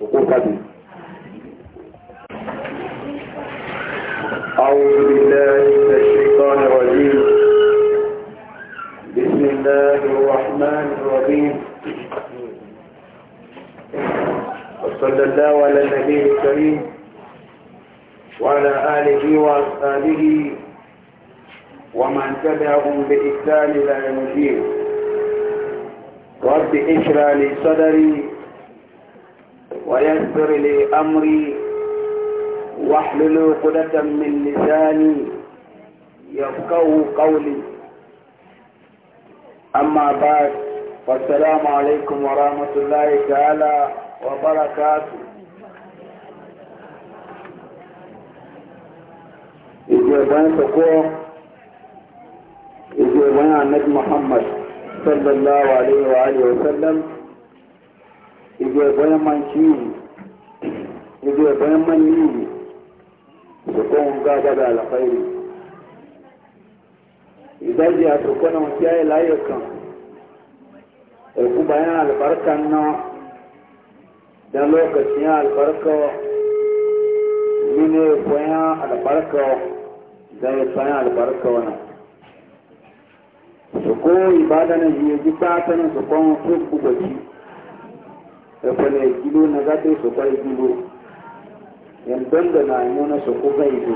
وقوقته أعوذ بالله من الشيطان الرجيم بسم الله الرحمن الرحيم وصلى الله على النبي الكريم وعلى آله وأصحابه ومن تبعهم بإحسان لا يوم رب اشرح لي صدري ويسر لي أمري واحلل عقدة من لساني يفقه قولي أما بعد والسلام عليكم ورحمة الله تعالى وبركاته إجابان تقوى إجابان عن نبي محمد صلى الله عليه وآله وسلم ibi ẹ̀bọ́ yẹn máa ń kí yìí ibi ẹ̀bọ́ yẹn máa ń ní yìí sọ̀kọ́ ń gbá gbádà àlàfà yìí ìdájí àsọ̀kọ́ náà kí ayé láyé kan ẹ̀kú báyẹn àlùbáríkà náà dan lokacin albarka mine koyan albarka da ya koyan albarka wannan su ko ibada na yi ji ta ta su kwan su kubaci Ekwene ekele ejilu negata esokwa ejilu yandonda na na imuna sokuga ido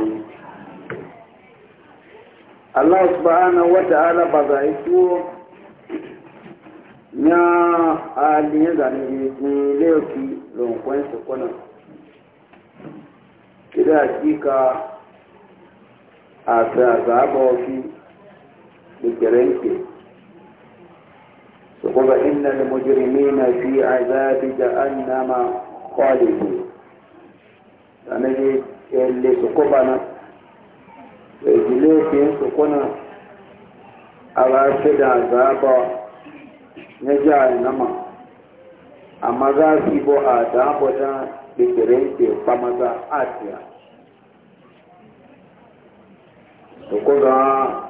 Allah subhanahu wa ta'ala ba za ituwo nya aliyan zane ne laifi lonkwan sokwana kida hakika a ta zaba ofi da gerenke وقال إن المجرمين في عذاب جهنم خالدون يعني اللي سقبنا إجليك سقنا على شد عذاب نجعل نما أما ذا سيبو عذاب ذا بكرينك فما ذا آتيا سقنا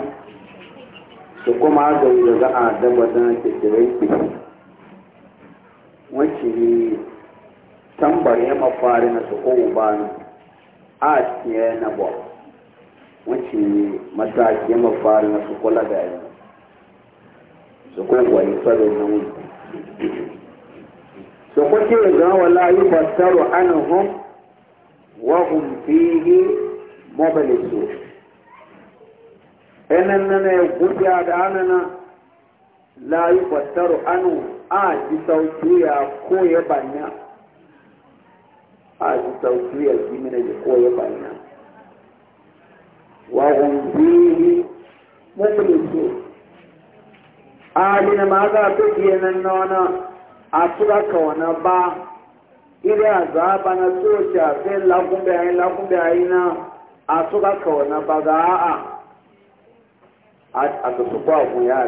màdùn yọ̀gá da kékeré kekere ke ti ne tambar ya mafari na su ba ni, a tiye na bɔ wọ́n ne mataki ya mafari na su kola da yi su kowu wani tsaro na wuni su kwaki yọ̀gá wala yi basaro anahun wahun fihi mobile suit ẹnan nan ya gudu da anana anu a ji sauki ya ko ya banya a ji sauki ya ji mina ji ko ya banya wa hun bihi mukhlisu alina ma za ta biye nan nona a tura ka wana ba ile azaba na tsoci a fe lagun bayan lagun bayan na a tura ba ga àtọ̀sọ̀pọ̀ àbùn ya a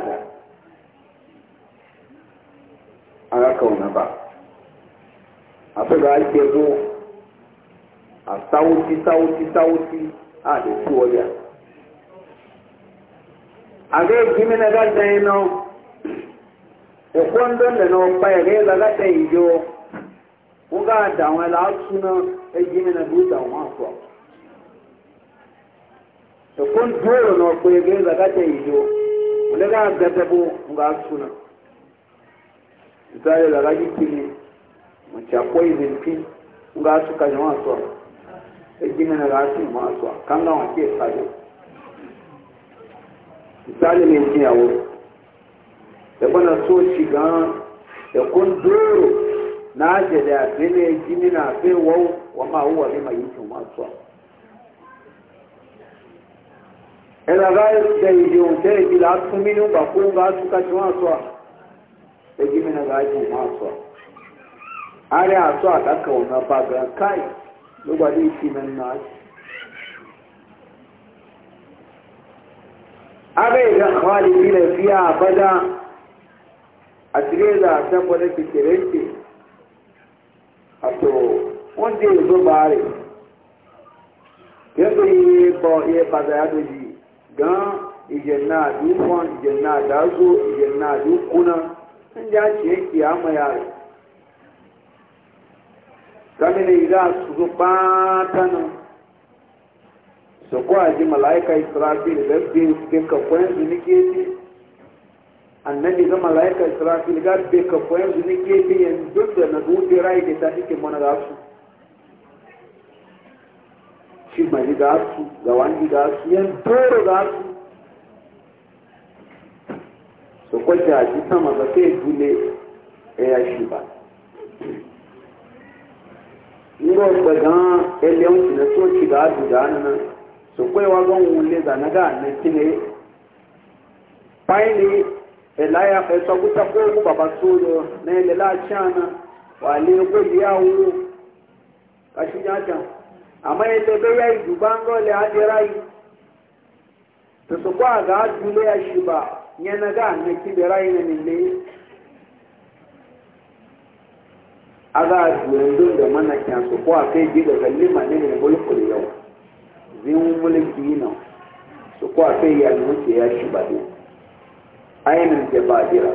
arákàwọn nàbà àfẹ́gbà àìjẹ́gbó àsáwótí sáwótí sáwótí àdẹ̀tú ọ̀yà àgẹ́ ìgbìmínà gáàdá iná ẹ̀kọ́ ń dọ́ndẹ̀ náà pa ẹ̀rẹ́ ìlàgátẹ̀ ìjọ wọ́n gáàdà àwọn to kun dole na ko yage za ka ta yido wanda ga ga ta bo ga suna zai da ragi kini mu ta koi zinfi ga so e gina na ga su ma so kan ga ke sajo misali ne ki yawo so shi ga da na je da bene gini na fe wau wa ma huwa ina da yiwu da su minu ba ko a da gimi na za yi masu a an yi asu a ɗaka wani ba ga kai lugba da na shi aga yi ga kwalibi da a bada a cire a san wani a to wanda ya zo gan ìjẹ̀nà àdúgbò ìjẹ̀nà àdázó ìjẹ̀nà àdúgbòna ndị achị eki ama ya rẹ̀ kamina ìdá àtúntò pátánà sọ̀kọ́ àjí màláìka ìsirafil lẹ́gbẹ̀ẹ́ gbẹ̀kà fọ́ẹ́nsì ní kéèké annabi ga màláìka ìsirafil ga gbẹ̀kà fọ́ẹ́nsì ní kéèké yẹn dúdú na dúdú ráyè ta ike mọ́nà ga su ci mai ga su ga wani ga su yan toro ga su su kwace a ji sama ba sai dule ya shi ba ngo gbagan eleon ti na so ci ga su ga nan su kwai wa gan wule da na ga na kine faini elaya eso kuta ko baba soyo na elela chana wale go biawo kashi nyata àmọ́ ẹlẹgbẹ́rẹ́ ìdùbá ń a adẹ́rá yìí tòṣùpọ̀ àgá dúlé àṣìbà yẹnagá nìkíbẹ̀rá yìí nílé aga dúró da mana kyan sòpọ̀ àkéjì daga lima nínú ìmọ̀lùkùrì yẹn zíwú múlẹ̀kì yìí náà sòpọ̀ àkéjì àlùmọ́tì yà ṣìbà dé ayé nà ń jẹ bàdìrà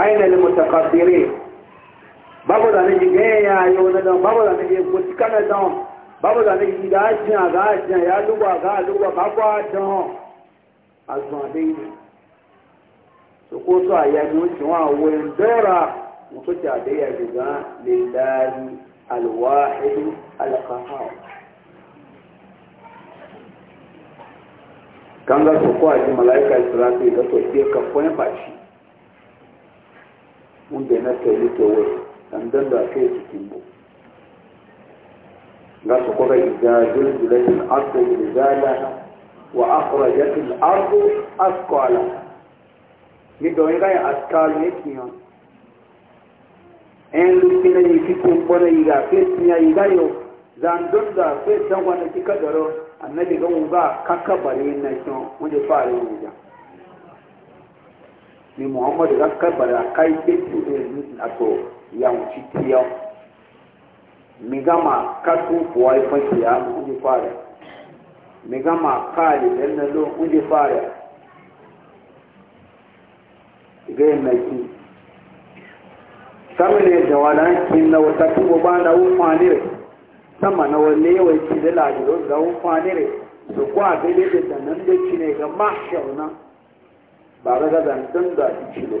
ayé nà lè mọ̀tàkàfẹ́rẹ́ babu da nake ga ya yi wani dan babu da nake kuti kana dan babu da nake ga ajiya ga ajiya ya lugwa ga lugwa babu dan azuma dai so ko so aya ni o ti wa wo ndora kanga so ko aji malaika israfi ga so ke ka ko ne ba shi mun da na ndanda ke cikin ga su kuma izajin zulatin arzu izala wa akhrajatil arzu asqala ni do nga ya asqal ne kiyo en lu kina yi ki ko bona yi ga ke tiya yi ga yo zan don da ke tan wani ki kadaro annabi ga mu ba bare na sho mu fare mu ni muhammad ga kabbara kai ke tiya ni ato yanci tiyo mi gama kasu kuwa ya kiyama kuje fara mi gama kare dan na lo kuje fara ga mai sama ne da wadankin na wata kuma ba na wufanire sama na wanne yawai ci da lajiro da wufanire su kwa daidai da nan da ci ne ga mashau nan ba ga zantan da ci ne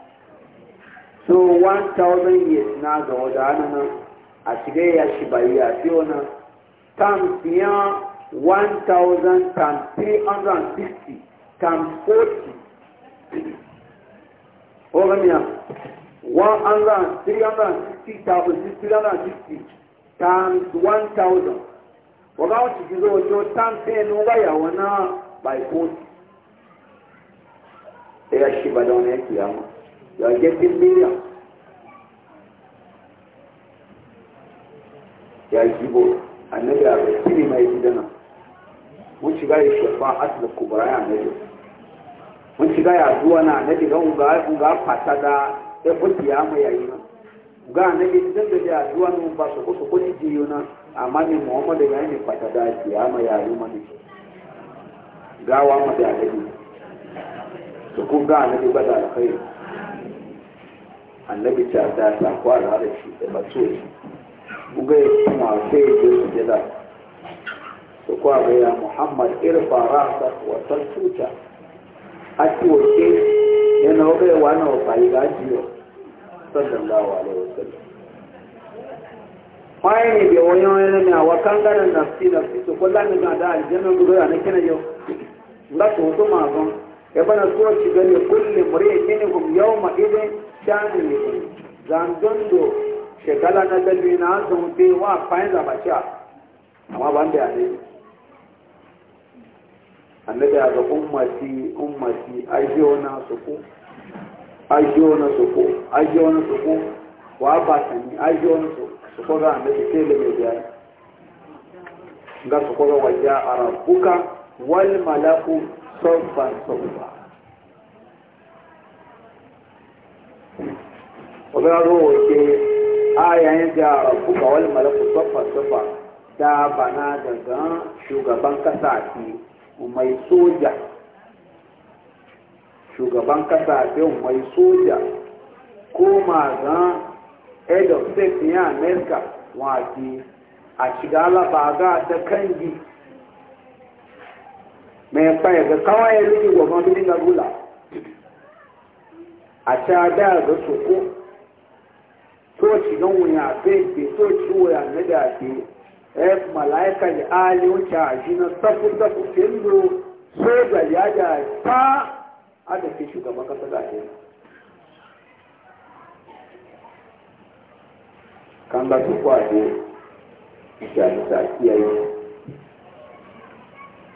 so 1000 years na ga wadana nan a shiga ya shi bayi a fiyo nan times ya 1000 times 360 times 40 ogamiya 360 times 1000 waga wacce ki zo wato times ya nuga ya wana by 40 ya shi ba da wani ya kiyama ya are miliya ya yi jibo annabi a ne mai gidana mun shiga ya shafa asila kubara ya annabi mun shiga ya zuwa na annabi ga unga unga fata da ya kuti ya mai yayi na ga annabi zan da ya zuwa na ba su kusa kusa ko jiyo na amma ne muhammad ya ni fata da ya mai yayi mani gawa mu da annabi su kun ga annabi ba da alkhairi annabi ta ta ta kwara da shi da maso shi buga ya kuma sai ya su jira su kwara ya muhammad irfa rasa wata tuta a ciwoke yana wabe wa na wafari ga jiyo sallallahu alaihi wasallam kwaye ne bai wani wani ne a wakan ganin nafsi nafsi su kullum ne na da aljannan gudu a na kina yau za su hutu mazan ya bana suwa shigar ya kulle mure ya kini gum yau ma idin shani ne zandon do shekala na dalbi na an sun fi wa fayin zabaciya amma ban da yare annabi a ga ummati ummati ajiyo na suku ajiyo na suku ajiyo na suku wa ba sani ajiyo na suku ga annabi ke da mai biyar ga suku ga wajen arabuka wal malaku sofan sofa ogaro wace ayayin da kuka wani malaku soffa soffa da bana daga shugaban kasa ce mai soja shugaban kasa ce mai soja ko magan head of state ya america wace a shiga a ta kangi mai kwaye kawai ya rike gwamnati na rula a ca da ga soko toci don wuya fefe toci wuya na dafe ya malaika ya ali wuce a shi na tafi tafi kendo soja ya da ta a da ke shugaban kasa da ke kan ba su kwaje shani ta kiyaye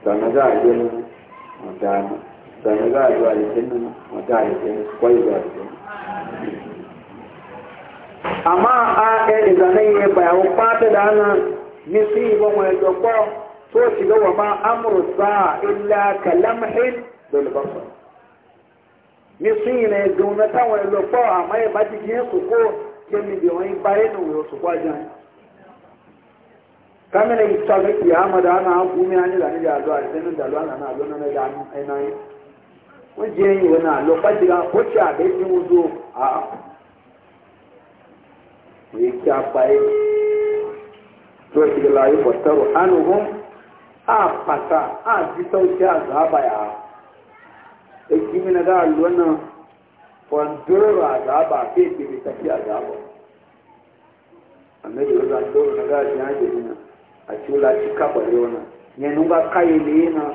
sannan za a yi mutane sami za a zuwa aljanna wata kwai zuwa amma a ɗaya izanai ya bayawo fata da ana misi ibon wani dokwa so shiga wa ma amuru illa kalamhin bil basar ne ta dokwa amma ya ba jikin su ko kemi bi wani bayan da wuyo su ta ga kiyama da ana hankumi da ni da na na zuwa na da wọ́n jẹ́ ìwé náà lọ pàjìlá ó ṣe àbẹ́ tí wọ́n a èyí a pa ẹ́ tó ṣe lọ ayé bọ̀tẹ́rù ánú hún á pàtà á ti tọ́ ṣe àgbà èyí mi náà lọ náà fọ̀ǹdúrò àgbà bà kí èdè mi àgbà bọ̀ àmì ìlú náà dọ́rọ̀ náà gáàjì á jẹ́ náà àti ó la yẹn ní wọ́n bá lé náà.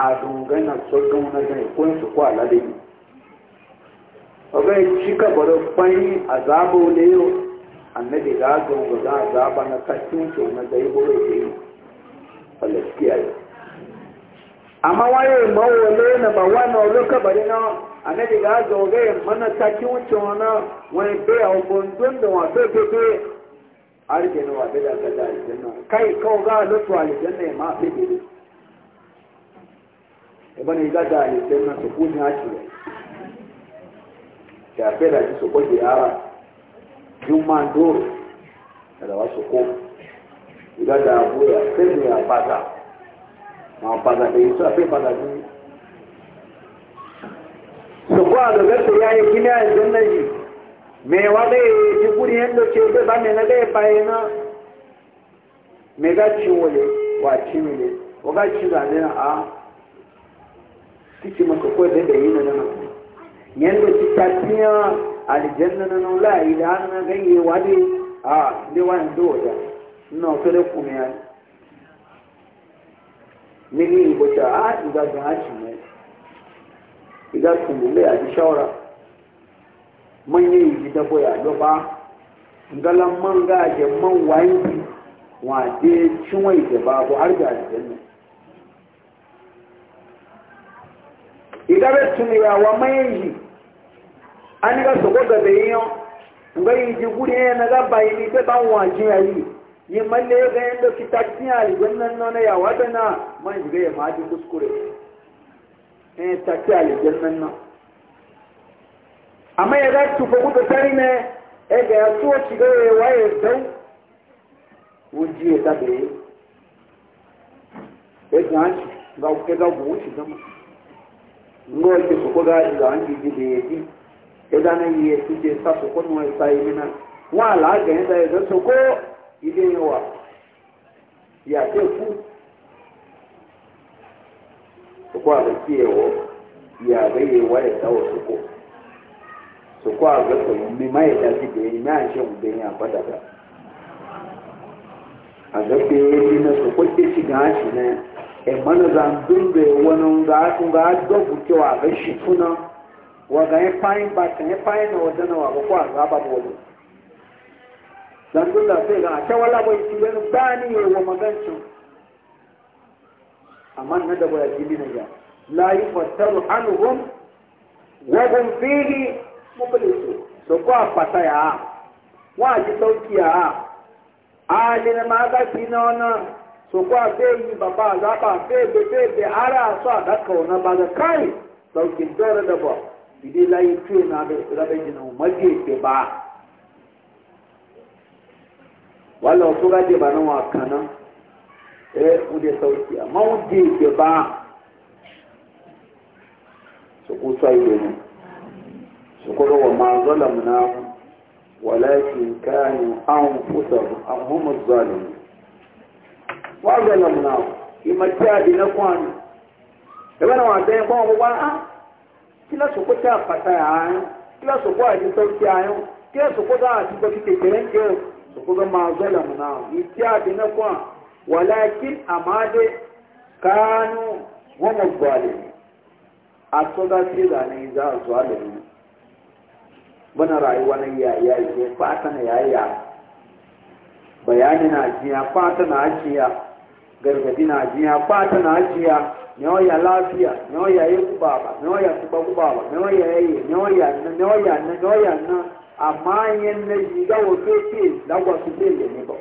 àdùngẹ́nà sọ́dún náà ìkó ìsìnkú àládé yìí ọ̀gá ìṣíkà bọ̀dọ̀ pẹ́yìn àzábò léyò annabi ga gunguza azaba na kashin su na da iboro da yi falaskiya yi amma waye mawole na ba wani oluka bari na annabi ga zoge mana kashin wuce wani wani bai a gundun da wato pepe arjina wa bida ka da kai kawo ga lutu aljanna ya ma fi biyu ẹ̀bọ́n ní ìdájà àlèsẹ́ náà tó kú ní àṣìlẹ̀ kí àfẹ́rẹ́ àti sọ́kọ́ di ara yóò máa dóòrò ẹ̀dá wá sọ́kọ́ ìdájà àbúrò àfẹ́rẹ́ àbàdà àwọn àbàdà lè sọ àfẹ́ àbàdà ní. sọ́kọ́ àlọ́gẹ́sẹ̀ yá yẹ kí ní àìsàn náà yìí mẹ́wàá lè ti kú ní ẹ̀ńdọ̀ tí o bẹ́ẹ̀ bá mi náà lè pa ẹ̀ náà mẹ́gà tí wọlé wà tí mi lè wọ́n gà tí wọlé à kici maka ko da da yin nan yanda ci ta tiya aljanna nan la ilaha na wadi ah, de wan do da no to da kuma ya ni ni ko ta a iga ga ci ne iga kuma le a shawara manye yi da boya do ba ngalan wa de cinwai da babu har ga igabe tumira wa mayi ani ga soko ga be yo nga yi ji guri na ga bayi ni be ban wa ji ayi ni malle ga yanda ki takti ali wannan nona ya wadana man ji ga ma ji kuskure eh takti ali jannan na amma ya ga tu ko ga tari ne e ga ya so ki ga wa ya dau wuji ya tabe e ga ga ga wuci zama ngo ke soko ga ila angi gidi yeti edana yiye tuje sa soko no esa imina wa la ga enda edo soko ile wa ya te soko a ga kiye ya ga ye wa ya ta soko soko a ga so mi ma ya da gidi ni a je mu de ni da a ga na soko ga shi ne E mana zandun wani nga ga dogu cewa ga shi funa wa ga ya fayin ya na wajen na waga kwa ga ba da a ta wala bai ci wani ba ni amma na da bai ji na ja la yi fataru anhum wa fata ya ha. sokwa beyi baba zaba bebe bebe ara so a daka wani ba kai sauki dare da ba bide layi tuye na rabe jina umarge ke ba wala wasu gaje ba nan wakana e ude sauki amma ude ke ba su kusa ibe ni su kuma wa ma zalamna walakin kanu an fusa an humus zalimin wazalamna imajadi na kwani ebe na wazee kwa kwa ah kila soko cha pata hayo kila soko ajitoki hayo kila soko za ajitoki nke soko za mazalamna imajadi na kwa walakin amade kanu wa mudhalimi atoda sida ne za a bana rayuwa na yaya ne fata na yaya bayani na ajiya fata na ajiya gargadi na jiya ya na jiya nyoya lafiya nyoya yi kubaba nyoya kuba kubaba nyoya yi nyoya na nyoya na nyoya na amma yin na jiga wato ke lagwa su ke ne ba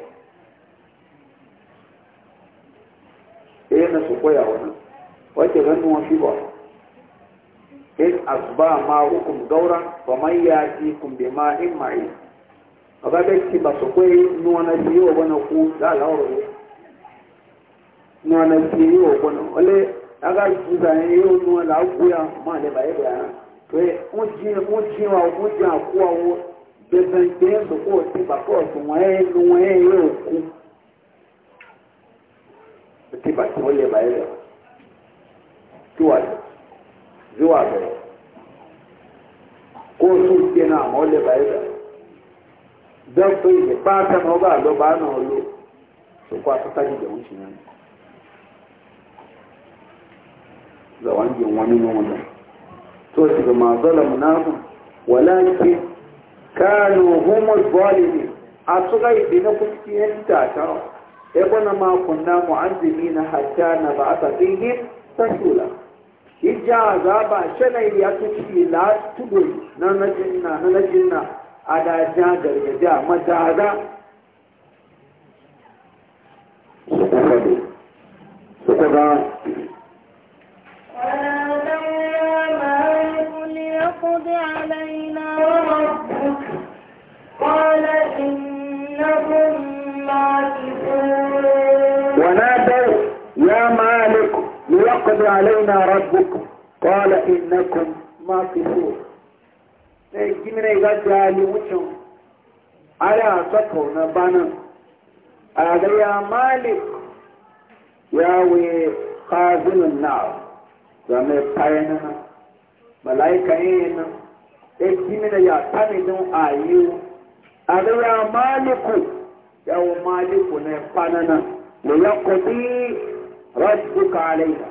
eh na su koya wani wace ganin wasu ba in asba ma hukum gaura fa man yatikum bima in ma'i kaga dai ki ba su koyi nuwa na wani ku da nua na ti yi wɔ kɔnɔ ɔlɛ aga suza yi yi wo nua la awu ya ma le ba ye ba ya pe ŋun ti ŋun ti wa ŋun ti aku awo bɛbɛnte soko ti ba kɔ sɔŋɔ ye nuwɔ ye yi o ku o ti ba ti o le ba ye ba ti wa lɛ ti wa o le ba ye ba dɔw to yi de paata na o b'a lɔ ba na o lo soko a ta ta di jɛ o si ga wangin wani nuna to shi ga mazalam namu walakin kanu humul zalimi a su ga ibi na kuskiyar tata ya gwana makon namu an zimi na hatta na ba a tafiye sashula hijja za ba shanai ya tuci la tudu na najinna na najinna a dajiya gargajiya madada su kuka su يأخذ علينا ربكم قال إنكم ما في سور جمنا إذا جالي وشم على سكو نبانا هذا يا مالك يا وي خازن النار زمي بايننا ملايكة إينا جمنا يا تمدن آيو هذا يا مالك يا مالك نبانا ليقضي ربك علينا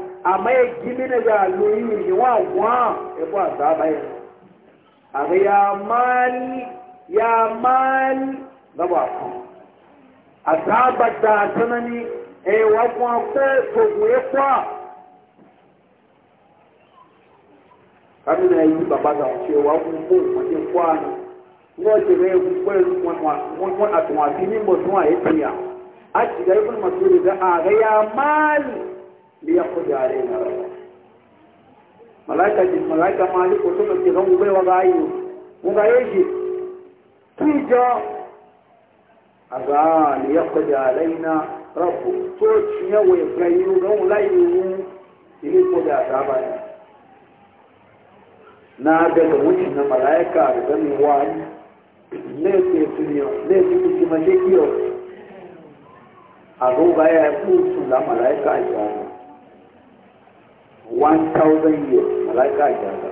amma ya gimi na ga loyi ne wa wa ya bu azaba ya aga ya ya mali ga ba ku azaba ta tanani e wa ku ko ko ye kwa kami na yi baba ga ce wa ku ko ko je kwa ni ngo je re ku ko ni kwa kwa kwa atwa bi ni mo twa e tiya a ci ga ليقضي علينا ربك malaika ji malaika mali ko to ke ron ube wa gayu mu ga yeji ki jo aga li yaqdi alaina rabbu to chiya we gayu ron layu ili ko da saba ne na ga da wuce na malaika da gani wani ne ke tuniyo ne ke kuma shekiyo a ga ya ku su da malaika ya One thousand years malaika jaza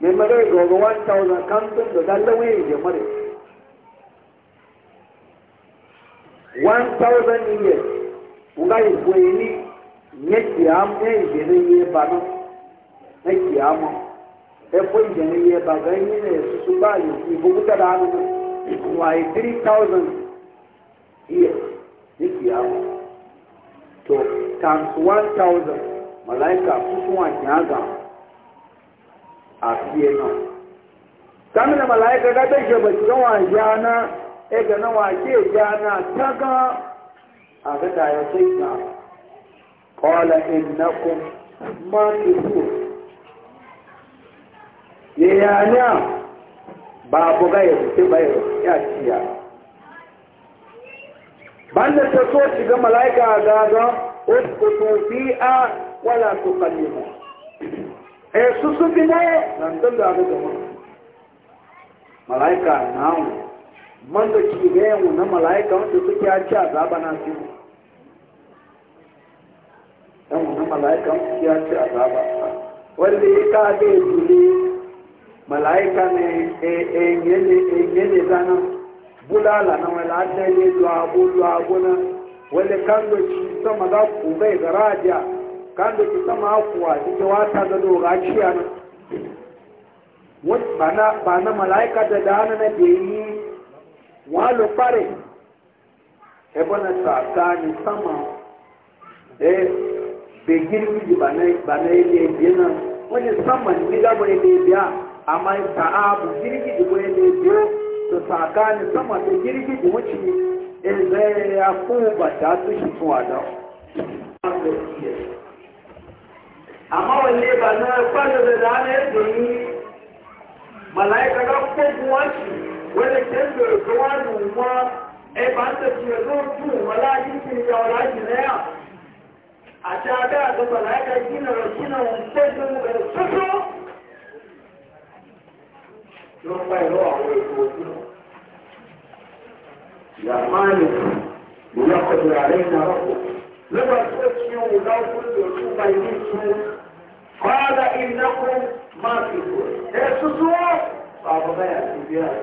me mare go go 1000 kamtun da dallawe je mare 1000 years ugai kuini ne kiyam ne je ye banu ne kiyam e ko je ne ye ba ga ni ne su su ba yi ki bu ta da nu wai 3000 years ne kiyam to times 1000 màláìkà fúnfún àjàgà àfi ẹ̀ náà sámìnà màláìkà gábẹ́ ìjọba tí wọ́n àjá náà ẹgbẹ̀ náà wà kí ìjá náà tágán àgbẹ̀dà ẹ̀sẹ̀ ìjà kọ́ọ̀lá ìnákùn máa ń tó yẹ̀yà náà babu gaya sai bayar ya ciya ban da ta so shiga mala'ika a اسكتوا فيها ولا تقلموا ايسوسو بناء نندل على جماعة ملائكة ناو من دكي غيو نا ملائكة وانتو سكي عجا عذابنا سيو يوم نا ملائكة وانتو سكي عجا عذابنا واللي كاده جولي ملائكة ني اينيني اينيني زانا بولا لنا ولا تني لعبو لعبونا واللي كان دكي sama ga ku bai ga raja kan da ki sama kuwa ki wata da dora ciya nan bana bana malaika da dana na be yi walo pare e bona ta ta ni sama e be girmi di bana bana ile bina wani sama ni ga bo ile biya amma ta abu girgi di bo ile biya to ta ka ni sama ta girgi di wuce ilẹ̀ akóhùnbàtà tó sì fún àdá. àmọ́ ilé ìbànú ẹ̀kọ́ lóde lánàá èdè yìí màláìka ká kókun wá sí wẹ́lẹ̀ tẹ́ bẹ̀rẹ̀ tó wá lù wọ́n ẹ̀bà ń tẹ̀sí rẹ̀ ló ń dùn wọ́n láyé sí ìyá ọ̀la jù náà. àti abẹ́ àti màláìka jìnnà rẹ̀ jìnnà òun tẹ́ ló ń rẹ̀ sọ́sọ́. ló ń pa ìlú àwọn èkó òkú náà. يا مالك ليقدر علينا ربك لما تؤتيوا لو كنتم بينكم قال انكم ماكثون ايه سوسو صعب ما ياتي بها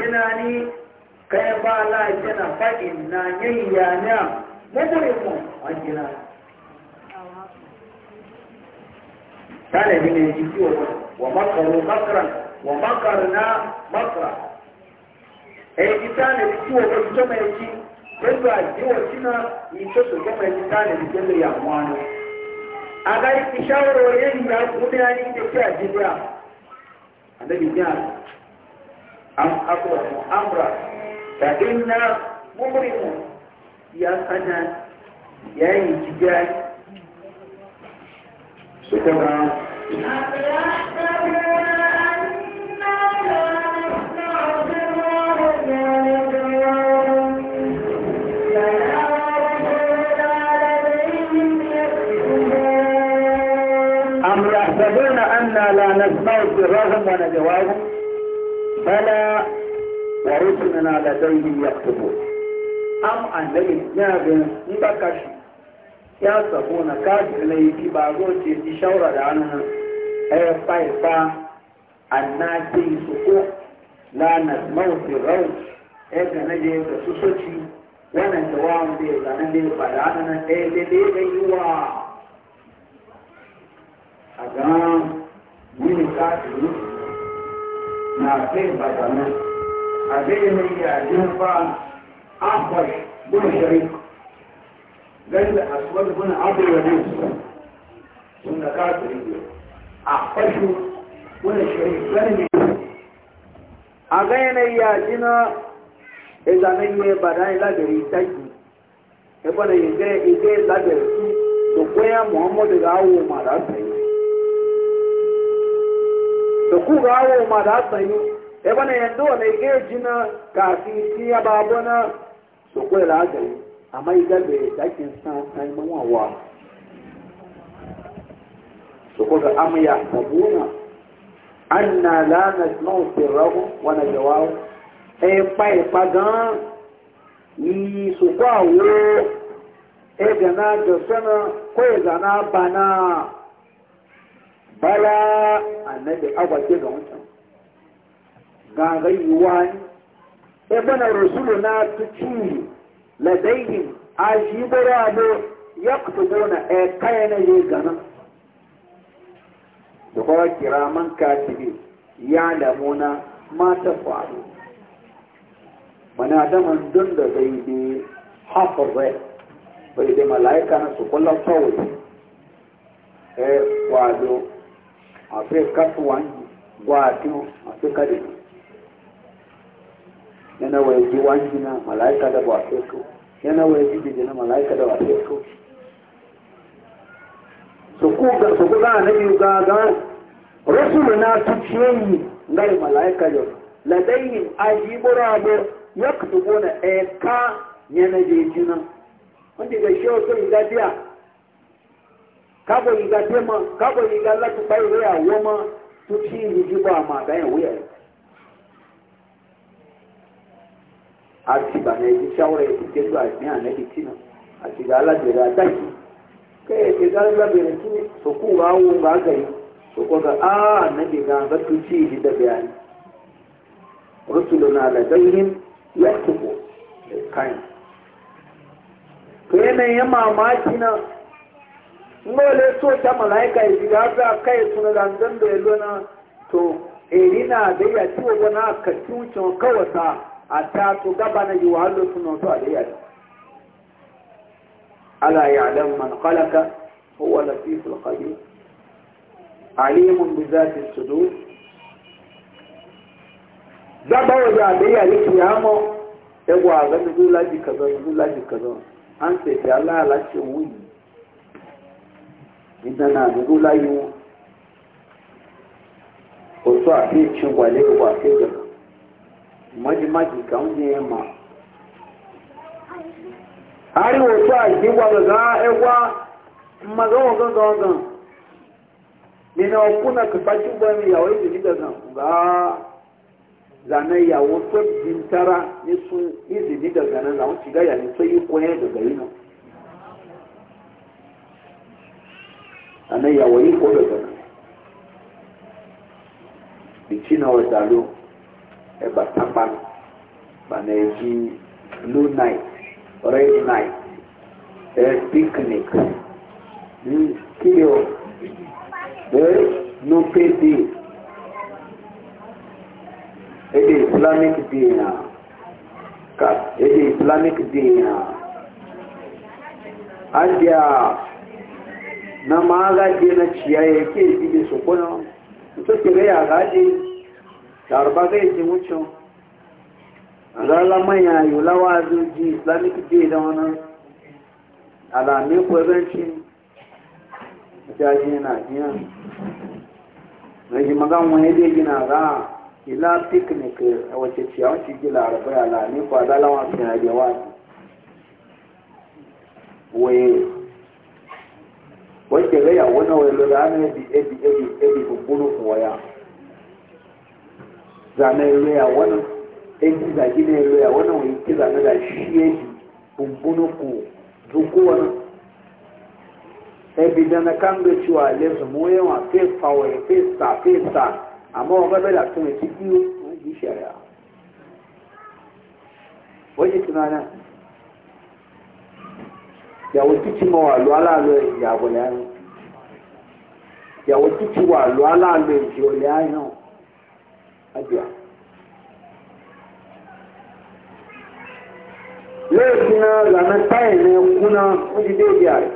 jina ni kai ba la jina faɗin na yayya na muburimu a jina tare bi ne jiki wa wa makaru makran wa makarna makra e kitane bi ciwo ko jama yaki pẹ̀lú àdéhùn sínú ìtòsò jama yaki tare bi pẹ̀lú yàmúwánu agari ìṣàwòrò yẹn ìyá kúndé ayé ń tẹ̀sí àdébíà àdébíà أم أقوم أمرا فإنا مبرمون يا فنان يا إنتجاج شكرا أم يحسبون أنا لا نسمع سرهم ونجواهم بلى ورسلنا لديه يكتبون أم أن لئن نابن نبكشي ya sabo na kafin na yi ba zo ce ti shaura da hannun ɗaya faifa anna ce su ko lanar mawafin rau ya ga na je ga su soci wannan jawabin da ya zanen da ya fara hannun ɗaya daidai da yi wa a ga wani kafin na kai bata nan a zai mai yajin fa akwai bin shari gani da asuwar na abuwa ne ga na izanen mai bada ni lagari taki ebe na ike lagari ya da kwaya muhammadu ga awo mara sai da ku ga awo ma da tsayi e bana yando na ige jina na fi ti ya babo na so ko la ga amma iga be da kin san san mun wawa so ko ga amma ya na anna la nasma'u sirrahu wa najawahu e pa e pa gan ni so ko awo e ga na ga sana na aba na bala annabi agwake ga wancan ne wani e, ibana rasulu na tuci ladaihim a shi bara ne ya kutubuna e kayana yi gana da kira man katibi ya damuna mata faru mana adaman don da zai bi hafar bai da mala'ika na su kula kawai e kwado afirka tuwan wato afirka da yana waje wanji na malaika da ba afirka yana waje jiji na malaika da ba afirka su kuga su kuga na biyu gaga rasulu na tuciye yi ngai malaika yau ladayin ajiburabu ya kutubo na eka yana jejina wanda ga shi wasu idadiya kabo yiga tema kabo yiga lati bai wea woma tuti yujuba ma da ya wea arti ba ne ji shawara ya tuke zuwa ne a nake tina a shiga ala da ya daki kai ya ke gani ba bai ki so ku ga wo ga gari so ko ga a nake ga ga tuti ji da bayani rusuluna ladaihim yaktubu kayan to yanayin mamaki na mole so ta malaika iga ga kai suna dandan da yalo na to eri na da ya ci wa na ka tucin kawata a ta to gaba na yi wahalar suna to a da ya ala ya'lam man khalaqa huwa latiful khabir alimun bi zati sudur gaba wa da da ya yi kiyamo ya gwa ga dulaji kaza dulaji kaza an sai Allah ya lace wuyi ìdáná àdúgbò wa wọn òtún àti ìtúwàlé ìwà àtẹjọ mọ́jìmájì kan ní ẹ mà. àárín òtún àìdíwà lọ́gá ẹwà mmagánwọ̀ gángan nínú ọkùnà kìfàjúbọ ẹni ìyàwó ìlú ní gángan gbà á lànà ìyàwó tó di ń tara anan ya wani ko da zaka bici na wata lo e ba tamban ba na ji blue night red night e picnic ni kilo e no pay day e de islamic day na ka e de islamic day na adia na ma gaje na ciyaye ke jibe su kuna to ke ya gaje darba ga yi mucho azala manya yo lawazu ji islamic ji da wannan ala ne ko ranci jaji na jiya na ji magan wani da gina ga ila picnic a wace ciya wace gila arba ala ne ko azala wa ciyaye wa waye wani wai lura ana ebi ebi ebi ebi bubulu kuwa ya zane ya wani ebi da gina ya wani wai ki zane da shi ebi bubulu ku duku wani ebi dana kan da cewa ya zumu yawa fe fawa ya fe sa fe sa amma wani bai da tuna ciki wani gishiyar shari'a wani tunanin ya wasu cimawa lwala lwala ya bulani ìyàwó títí wà lọ aláàlú èjì òlẹ̀ àyàn àjọ. lẹ́yìn náà lànà táyì náà kú náà ó ti dé ìdí àrẹ.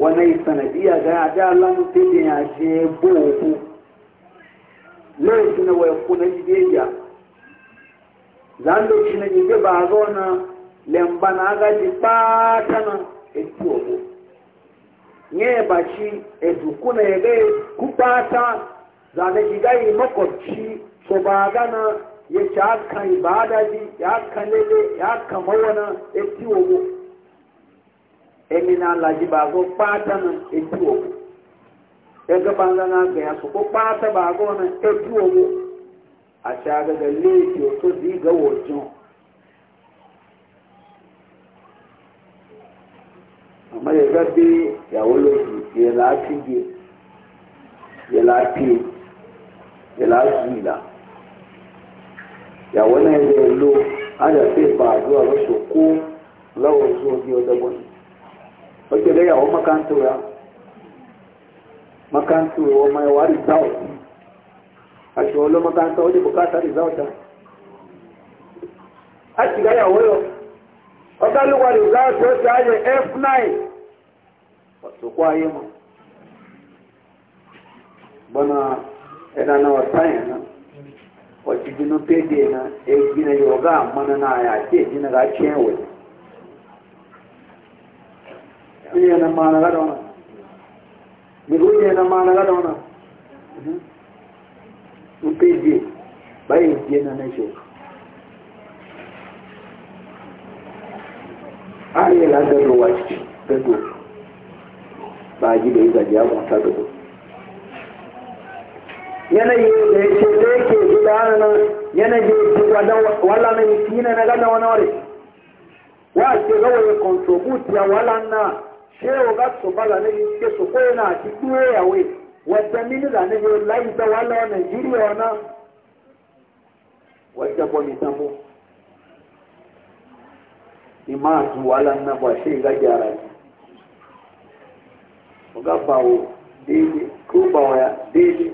wọn náà ìsànàbí àgbà àdá aláàmú tẹ́lẹ̀ àṣẹ bó òkú. lẹ́yìn náà wọ́n kú náà ti dé ìdí àrẹ. na-aga agona lembana agaji etu etuobo nye baci edukuna ebe ne zane gigayi makwabci so ba gana ya ci aka ibada ji ya aka lele ya aka mawana eti ogo emi na alaji ba go kpata na eti ogo ega banga na ga ya so ko kpata ba go na eti ogo a ci aga ga o to di ga wajen àmọ́ yẹ fẹ́ bí ìyàwó lóṣù yẹ là á kígbe yẹ là á ké yẹ là á zu ìlà ìyàwó náà yẹ lo àyàfẹ́ ìbà àdúrà lọ́sọ̀ kó lọ́wọ́ oṣù ọdí ọdọ́gbọ́n ó jẹ́ lẹ́yìn àwọn mọ́kántó ya mọ́kántó ọmọ ẹ̀wà rí dáwọ̀ aṣọ ọlọ́mọkántó ó dé bùkátà rí dáwọ̀ ta a sì gáyàwó yọ ọ̀gá ló wà rí dáwọ̀ tó ṣe àyè f9 wato kwaye bana ina na na wacce jinu na e gina mana na ya mhm. e na gada wannan ne ruwa na gada wannan pede bai gina na shi baji da ya zaji ya kwanta da su yanayi da ya ce da yake gida na yanayi da ya gadan wala na yi na gada wani wari wa ce gawa ya contribute ya wala na shewa ga su bala na yi ke su koyi na ci duwe ya we wadda mini da na yi layi da wala wa nigeria wana wadda bomi tamo ima wala na ba shi ga gyara ne ga bawo daidai ko bawaya daidai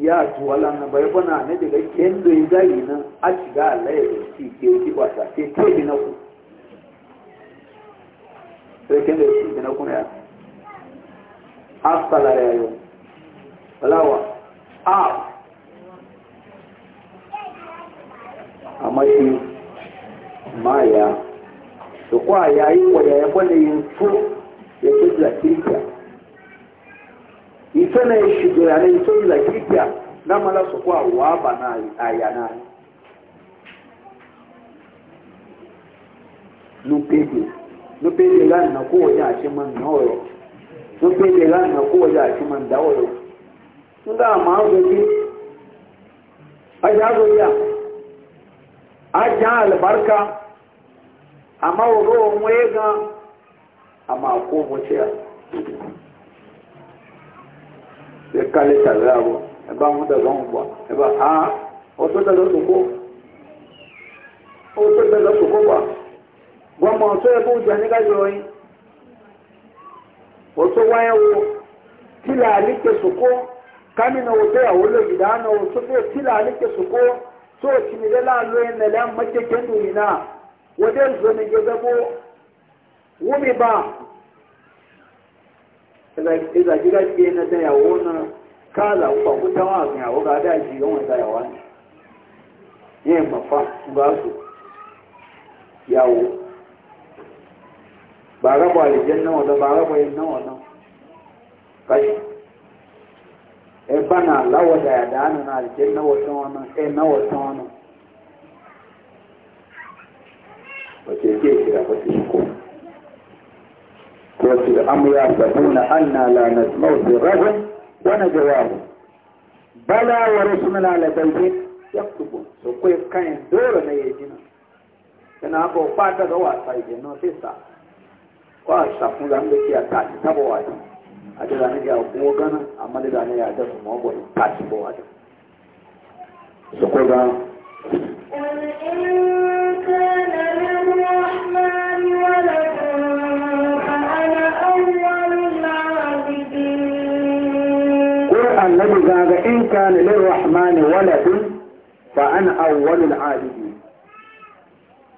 ya tuwa lana bai bana na daga kendo ya gayi nan a shiga Allah ya ci ke yi ba ta ke ke na ku sai kendo ya ci na ku ya asala ya yo alawa a amma shi ma ya to kwa ya yi wa ya bane yin su yake za kirkiya ita na ya ya ne ita za kirkiya na mala su kuwa wa ba na ayana nupege nupege gani na kowa ya shi man na oyo nupege gani na kowa ya shi man da oyo nga ma gobi aja goya aja albarka amma wo ga ama ko mochea de kale talabo eba muda zongwa eba a oto da zo ko oto da zo ko ba gwa mo so e bu jani ga yo yin oto wa e wo kila alike soko kami na oto ya wo le gidana oto be kila alike soko so ti mi la lo en la ma ke kendu ina wo de zo ni ge gabo wumi ba iza jiga ke na da yawo na kala ba ku ta wa ga yawo ga da yawan da yawa ne yin mafa ba su yawo ba raba alijan na wadda ba raba yin na wadda kashi e bana lawa da ya da na alijan na wata wana e na wata wana wace ke kira wace وفي الأمر يحسبون أنا لا نسمع سرهم ونجواهم بلى ورسلنا على بيت يكتبون سوكوي كاين دور ما يجينا أنا أبو فاتا دوا سايدي نو سيسا وأشتاق مدامي كي أتاتي تبوا واجب ada da nake kuma gana amma da ne ya dafa mawa ta ci bawa da su ko ga annabi gaga in kana lir rahmani waladun fa ana awwalul abidin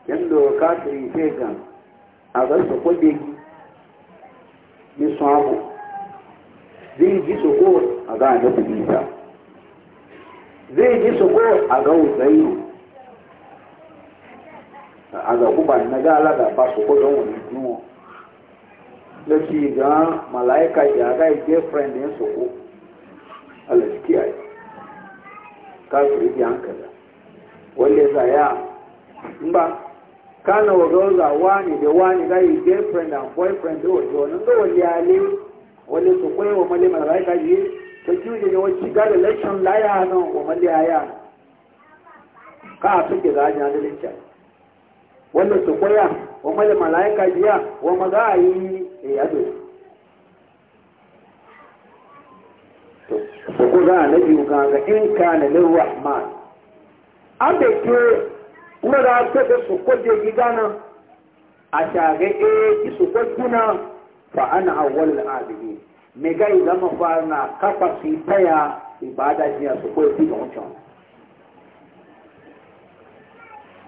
yando kafiri sai ga a ga su kudi ni samu zai ji su ko a ga da bisa zai ji su ko a ga usayi a ga kuba na ga alaga ba su ko don wani nuwa da ga malaika ya ga girlfriend ne su ko Allah shi kiyaye kafir bi hankali wanda ya ya in ba kana wa gauza wani da wani ga yi girlfriend and boyfriend da wato nan ga wani ya le wani su kwaye wa mali mara raika kaji ta kiwo da wani shiga da election laya nan wa mali haya ka a suke za a ji hannun lincar wanda su kwaya wa mali mara raika malaika ya wa maza a yi eh, ya yado ra na ga nabi ganga in kana lirrahman an da ke wura da ta da su kwaje na a shage e ki su kwajuna fa ana awwal al-abidin me ga zama fara na kafa su taya ibada a su kwaje fi wancan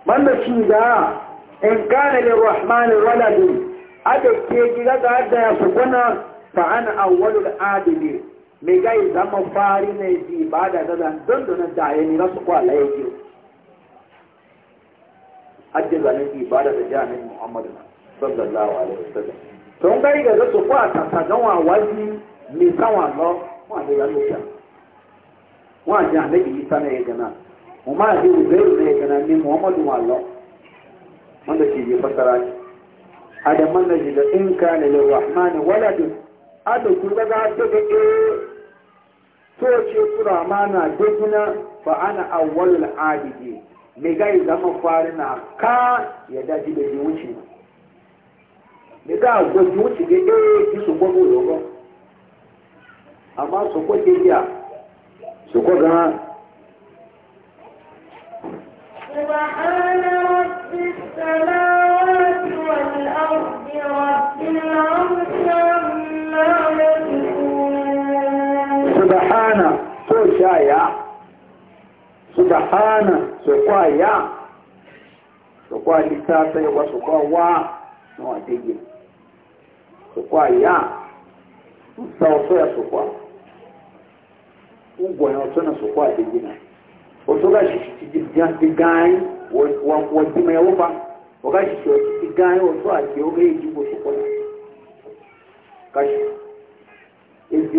man da shi da in ka na kana lirrahman waladun a da ke gida ga da su gwana fa ana awwal al mai gai zama fari na ji ba da zana don da na daya ni rasu kwala ya ji hajji zanen ba da jami'in muhammadu sallallahu alaihi wasallam tun gai ga zasu kwa ta sagawa wazi mai sawa lo wa da ya lusa wa ji annabi na ya gana mu ma ji uzairu na gana ni wa lo wanda ke yi fasara ne a da da in waladun a da kuma za eh, soce sura ma na dukuna fa ana awwalul abidi me gai zama fari na ka ya daji da wuce me ga gwaji wuce ga eh ki su gwabo yogo amma su ko ke ya su ko ga subhana rabbis salam yóò ṣe àyà sókà hánà sọ̀kọ́ àyà sọ̀kọ́ àdìsá sẹ́yọ̀wá sọ̀kọ́ wá a àdégbè sọ̀kọ́ àyà ń sa ọ̀sọ́ yà sọ̀kọ́ ń gbọ̀nyàn ọ̀sọ́ náà sọ̀kọ́ àdégbè náà ọ̀sọ́ ká ṣiṣi ti gan wọ́n ti mọ̀ ẹ̀wọ́ pa ọ̀ká ṣiṣi ti gan ọ̀sọ́ àti ọ̀gá èjì gbòsọ̀kọ́ náà ká ṣiṣi èjì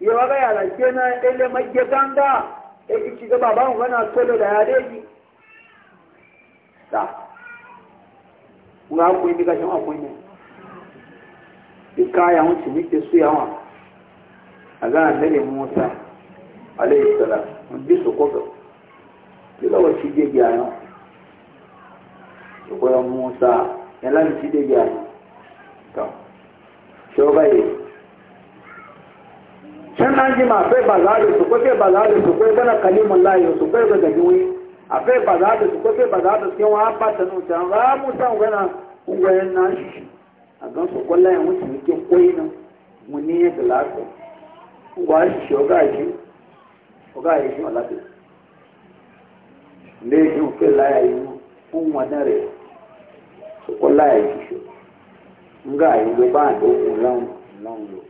yawa ga yara ke na ele magye ganga e kici ga baba tole da yare ji ta nga ku ni ga jama ku ni ya ci su yawa aga annabi Musa alayhi salam Musa can na ji ma fai ba za da su kwafe ba za da su kwafe gana kalimun layi su kwafe ga gajiwe a fai ba za da su kwafe ba za da su yawan haɓa ta nuta an ga mutan gana ungoyen na shi a gan su kwallaye wuce yake kwai nan mu ne ya galasa ungwa shi shi shi yi shi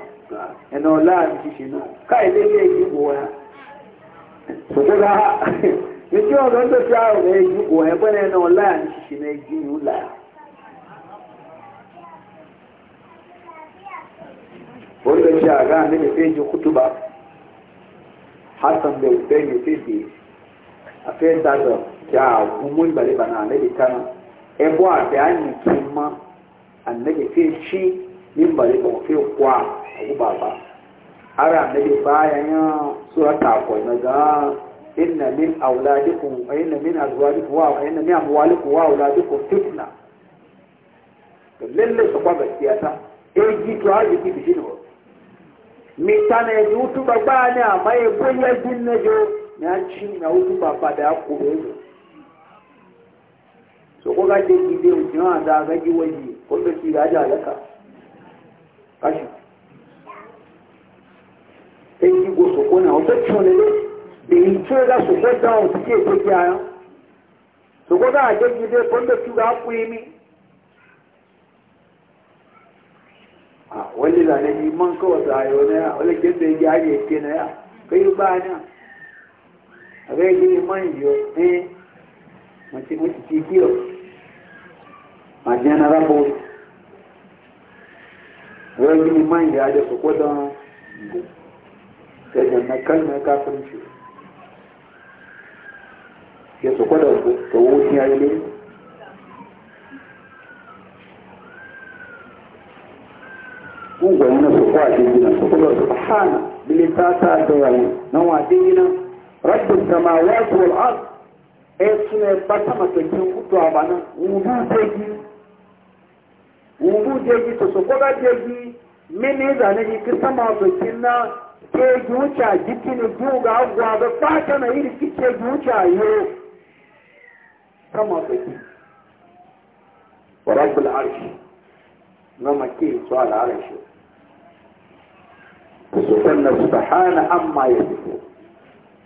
ẹ̀nà ọ̀la àti ṣíṣe náà káìlé ilé ìdìbò wa ṣòkòrò ha ìdí ọ̀rọ̀ ń tẹ̀sí àrùn ẹ̀ ìdìbò ẹ̀gbọ́n ẹ̀nà ọ̀la àti ṣíṣe náà ìdí ìlú là. olùdókè àgá mi lè fẹ́ ju kútùbà hasan bẹ̀rù bẹ́ẹ̀ lè fẹ́ bèè afẹ́ dàgbà kí a gúnmú ìgbàlẹ̀ bàná àlẹ́ mimbari ba fi kwa abu baba ara annabi bayan ya sura ta akwai na ga inna min auladikum wa inna min azwajikum wa inna min amwalikum wa auladikum fitna to lalle su kwa gaskiya ta e ji to a ji bi shi ne mi ta ne ji utu ba ba ne amma e ko ya din ne jo na ci na utu ba ba da ku ne so ko ga ji bi o ji na da ga ji waji ko to ki kashi eyi go soko na ọsẹ tí wọn lélẹ èyí tí ó dá soko dáhùn sí kí èkó jẹ ara soko dá àjẹjì dé pọ́ńdé tí wọ́n á pín in ní. wọ́n lè lànà yìí mọ́ nǹkan ọ̀sẹ̀ àyọ̀ náà wọ́n lè jẹ́ sẹ́yìn ayé èké náà kéyí bá a náà àbẹ́ yìí mọ́ ìyọ̀ ẹ́ wọ́n ti kí ọ màdìyàn náà wani liman ya da su kwadon da jannakan na kafinci ya su kwadon da wuce ya yi ne ƙungon na su kwa jirgina su kwadon su hana bilita ta da yawo na wa jirgina rabbin samawa su wal'ad ɗaya suna ya fata matakin hutu a banan wudu ta gini ubu jeji to so koga jeji mini zane ji kisa masu kinna ke guca jikini guga agwa ga fata na iri kike guca yo ta masu ki wa rabbul arshi na maki su ala arshi su sanna subhana amma ya fito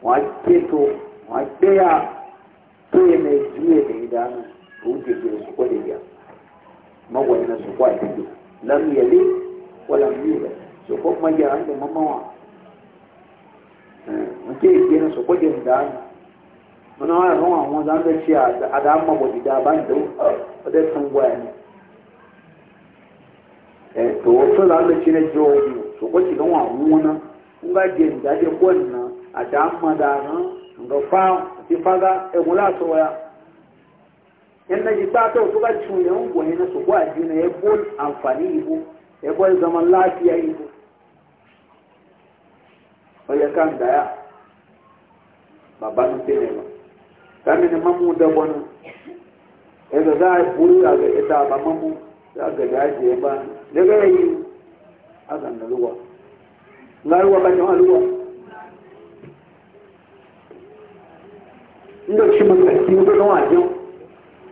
wa keto wa daya to ya mai jiye da idanu ko jeje su kodin yau ma wannan su kwa ta lam yali wala yula eh, su ko ma ya anda mamawa nke ke na su ko ge da mana wa ran wa mu zan da ci a da ma bo da ban da da san gwa ne eh to so zan da ci ne jo su ko ci don wa mu na nga ge da ge ko na a da ma da na nga fa ti fa ga e mu la ya in na ji sata wasu ga cuyan gwani na su kwa ji na ya bol amfani ibo ya bol zaman lafiya ibo ya kan daya babban tene ba kami ne mamu da wani ya ga za a buru a ga ita ba mamu za ga daji ya ba daga yi a ga na ruwa na ruwa ba jama'a ruwa inda shi mun ka ci mun ga wajen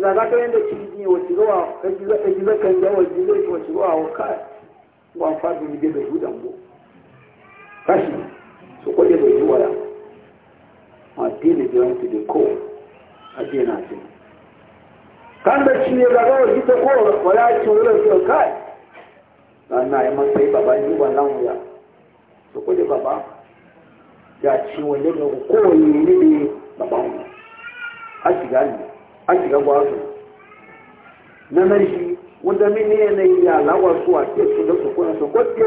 daga ta yadda ci ji wace zuwa kaji zakan da wace zai wace zuwa wa kai ba fadi ne da Kasi, bo kashi su kwaje da yi waya ma dina da yanki da ko a dina ce kan da ci ne daga wace ta ko wala ci wurin su kai na na yi man sai baba yi ba nan wuya su kwaje baba ya ci wani da kowane ne ne baba mu a shiga ne a shiga gwazo na nan shi wanda mini yanayi ya lawa su a ce su da su kuna su kwace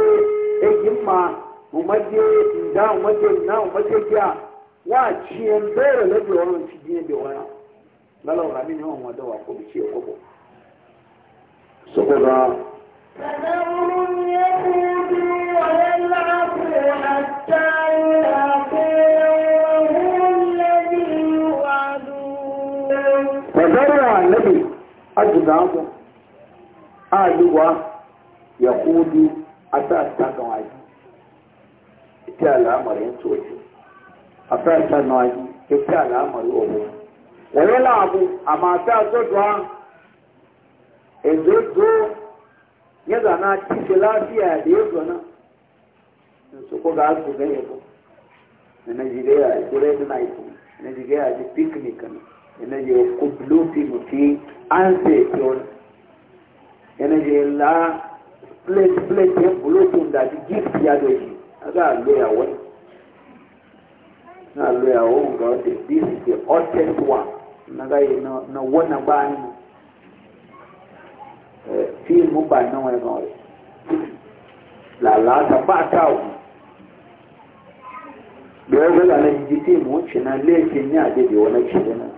ya gimma umarje inda umarje na umarje kiya wa ciyen zai na biyu wani cikin biyu wani lalau ramin yawan wadawa ko bice kwabo saboda فذرهم يكن ajugamu aliwa yahudu asa sakan waji ita al'amarin coci a sa sakan waji ita al'amarin obo wani labu a mata sotuwa ezozo ya zana na lafiya da ya zana su ko ga su ganye na nigeria ya kure na iku nigeria ya ji picnic yana je kubluti muti an sefiyon yana je la plate plate ya bulutun da ti gift ya doji a ga loyawa na loyawa ga wata this is the hottest one na ga yi na wannan ba ni fíìmù ba náà ẹ̀ náà rẹ̀ làlàáta bá táwọn lọ́wọ́ gbọ́dọ̀ náà jíjí na ó ṣe náà léèṣe de àdébìwọ́n náà ṣe náà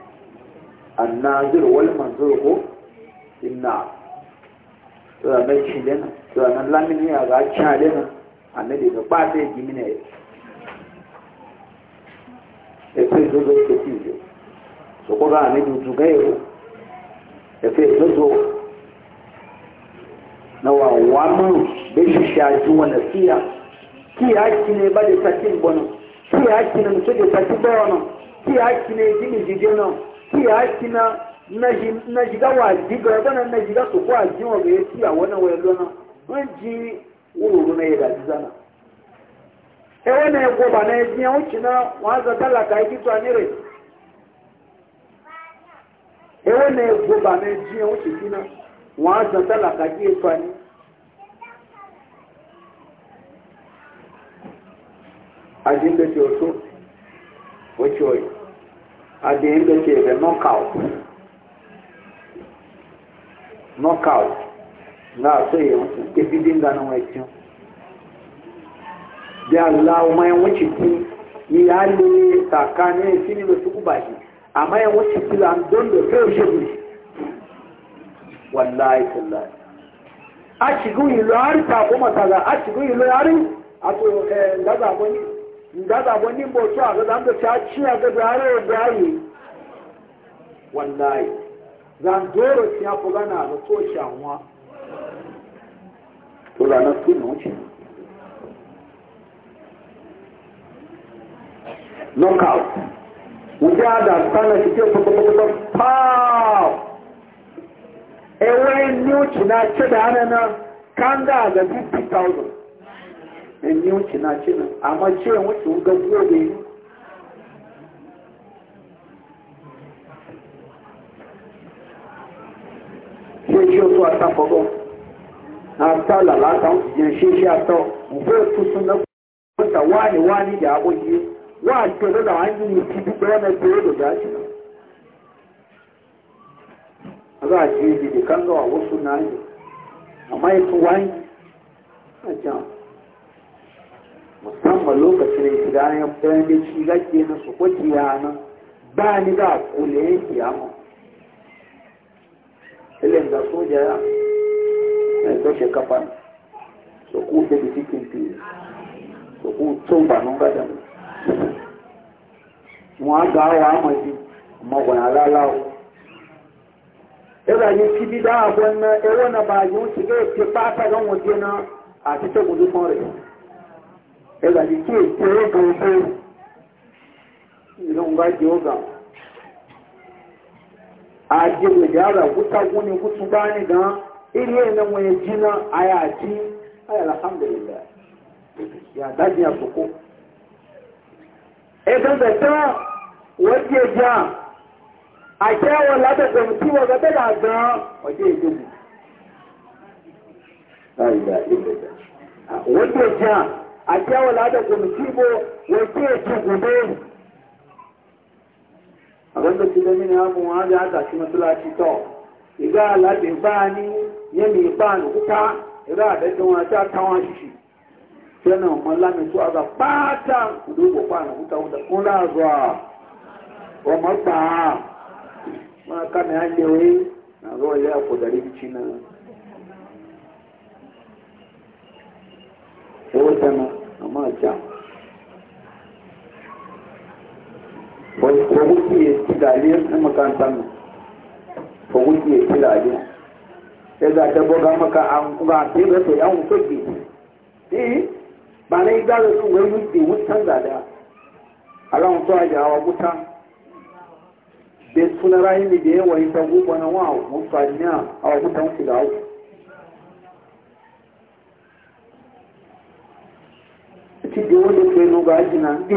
annazir wal manzur ko inna to da mai cin lena to da nan lamini ya ga cin lena annabi ga ba sai gimi ne e sai zo zo ke ci jo so ko ga annabi ju ga yo e sai zo zo na wa wa mu be shi shaju wa nasiya ki haki ne ba da sakin bono ki haki ne mutu da sakin bono ki haki ne gimi jijino tí a ti na na jiga wa jiga wa bana na jiga su kwa ji wa ya ti a wannan wa yalo na wọn ji wuro na ya da zana e wannan ya goba na ya ji ya wuce na wa za talaka e ya kito a nire e wannan ya goba na ya ji ya wuce kina wa za talaka ya kito a nire a jinda ce wato wacce wacce adịghị mbechi ebe knockout knockout ga-asọ ya nke bido nga na nwetị dị ala ụma enwechipụ ihe alụghị taka na-esi n'ime sukwubaghị ama enwechipụla ndondo feoshebiri wallahi tallahi a shigo ilo hari ta goma taga a shigo ilo hari a to eh gaza gwani ndaba wani boto a gaza da ta ci a gaza har da yayi wallahi zan doro ci a kula na da to shanwa to la na tun no ci knockout wujia da sana shi ke kuma pow ewe ni uchi na ce da hana na kanda da 50,000 ẹni wọn ti n'akyi na ama kyerɛ wọn ti wọn ga buo de yi hyɛnhyɛ so ata kɔbɔ n'ata lala ata ti yɛn hyɛnhyɛ ata ɔbɔ etu so na na na na musamman lokacin da shiga ya bayan da shi gake na su kwaci yana ba ni ga kule ya kiyama ilin da soja ya mai kashe kafan su kuce da cikin fiye su kucin ba nun gada mu a ga awa amaji magwana lalawo ìràyè ti bí dáàbọ̀ ẹ̀wọ́n na bàyẹ̀ ó ti gẹ́ẹ̀kì pátá lọ́wọ́ jẹ́ náà àti tẹ́gùn ló fọ́n rẹ̀ ẹgbà ní kí èsì ẹgbà ọgbọ́ ìlọ́ngbà jẹ́ ọgbà àjẹ́gbẹ̀dẹ̀ ara kútàkún ní kútù bá ní gan ilé ẹ̀nà wọn yẹ jíná ayà àti ayà alhamdulillah yàdájí àkókò ẹgbẹ̀bẹ̀tọ́ wọ́n jẹ́ jà àjẹ́wọ̀ lábẹ̀gbẹ̀mù tí wọ́n gẹ́gẹ́ gan ọjọ́ jẹ́ àti àwọn làádọ́ kòmìtì bò wọ́n tí ètò gòdó. àwọn tó ti lẹ́mí ni wọ́n mú wọn á bí àtàkì mọ́tíláṣí tọ̀ ìgbà aládé bá a ní yẹ́mi ìgbà àlùkúta ìgbà àbẹ́tẹ̀ wọn àti àtàwọn àṣìṣì tẹ́nà ọmọ lámì tó àgbà pátá ìdúgbò pa àlùkúta wọn dẹ̀kún láàzọ à ọmọ gbà á wọn ká mi á lé orí àgọ́ ilé àpòdàrí bìtì náà. ne na makarantar mu fa wuce ya kira ne sai ke eh ba na iga da sun wani wuce wutan zada a ran so a jawa wuta bai suna rayu ne da yawa yi ta guba na wa mutane a wutan shiga wuta ti di wo de ke nuga ajina di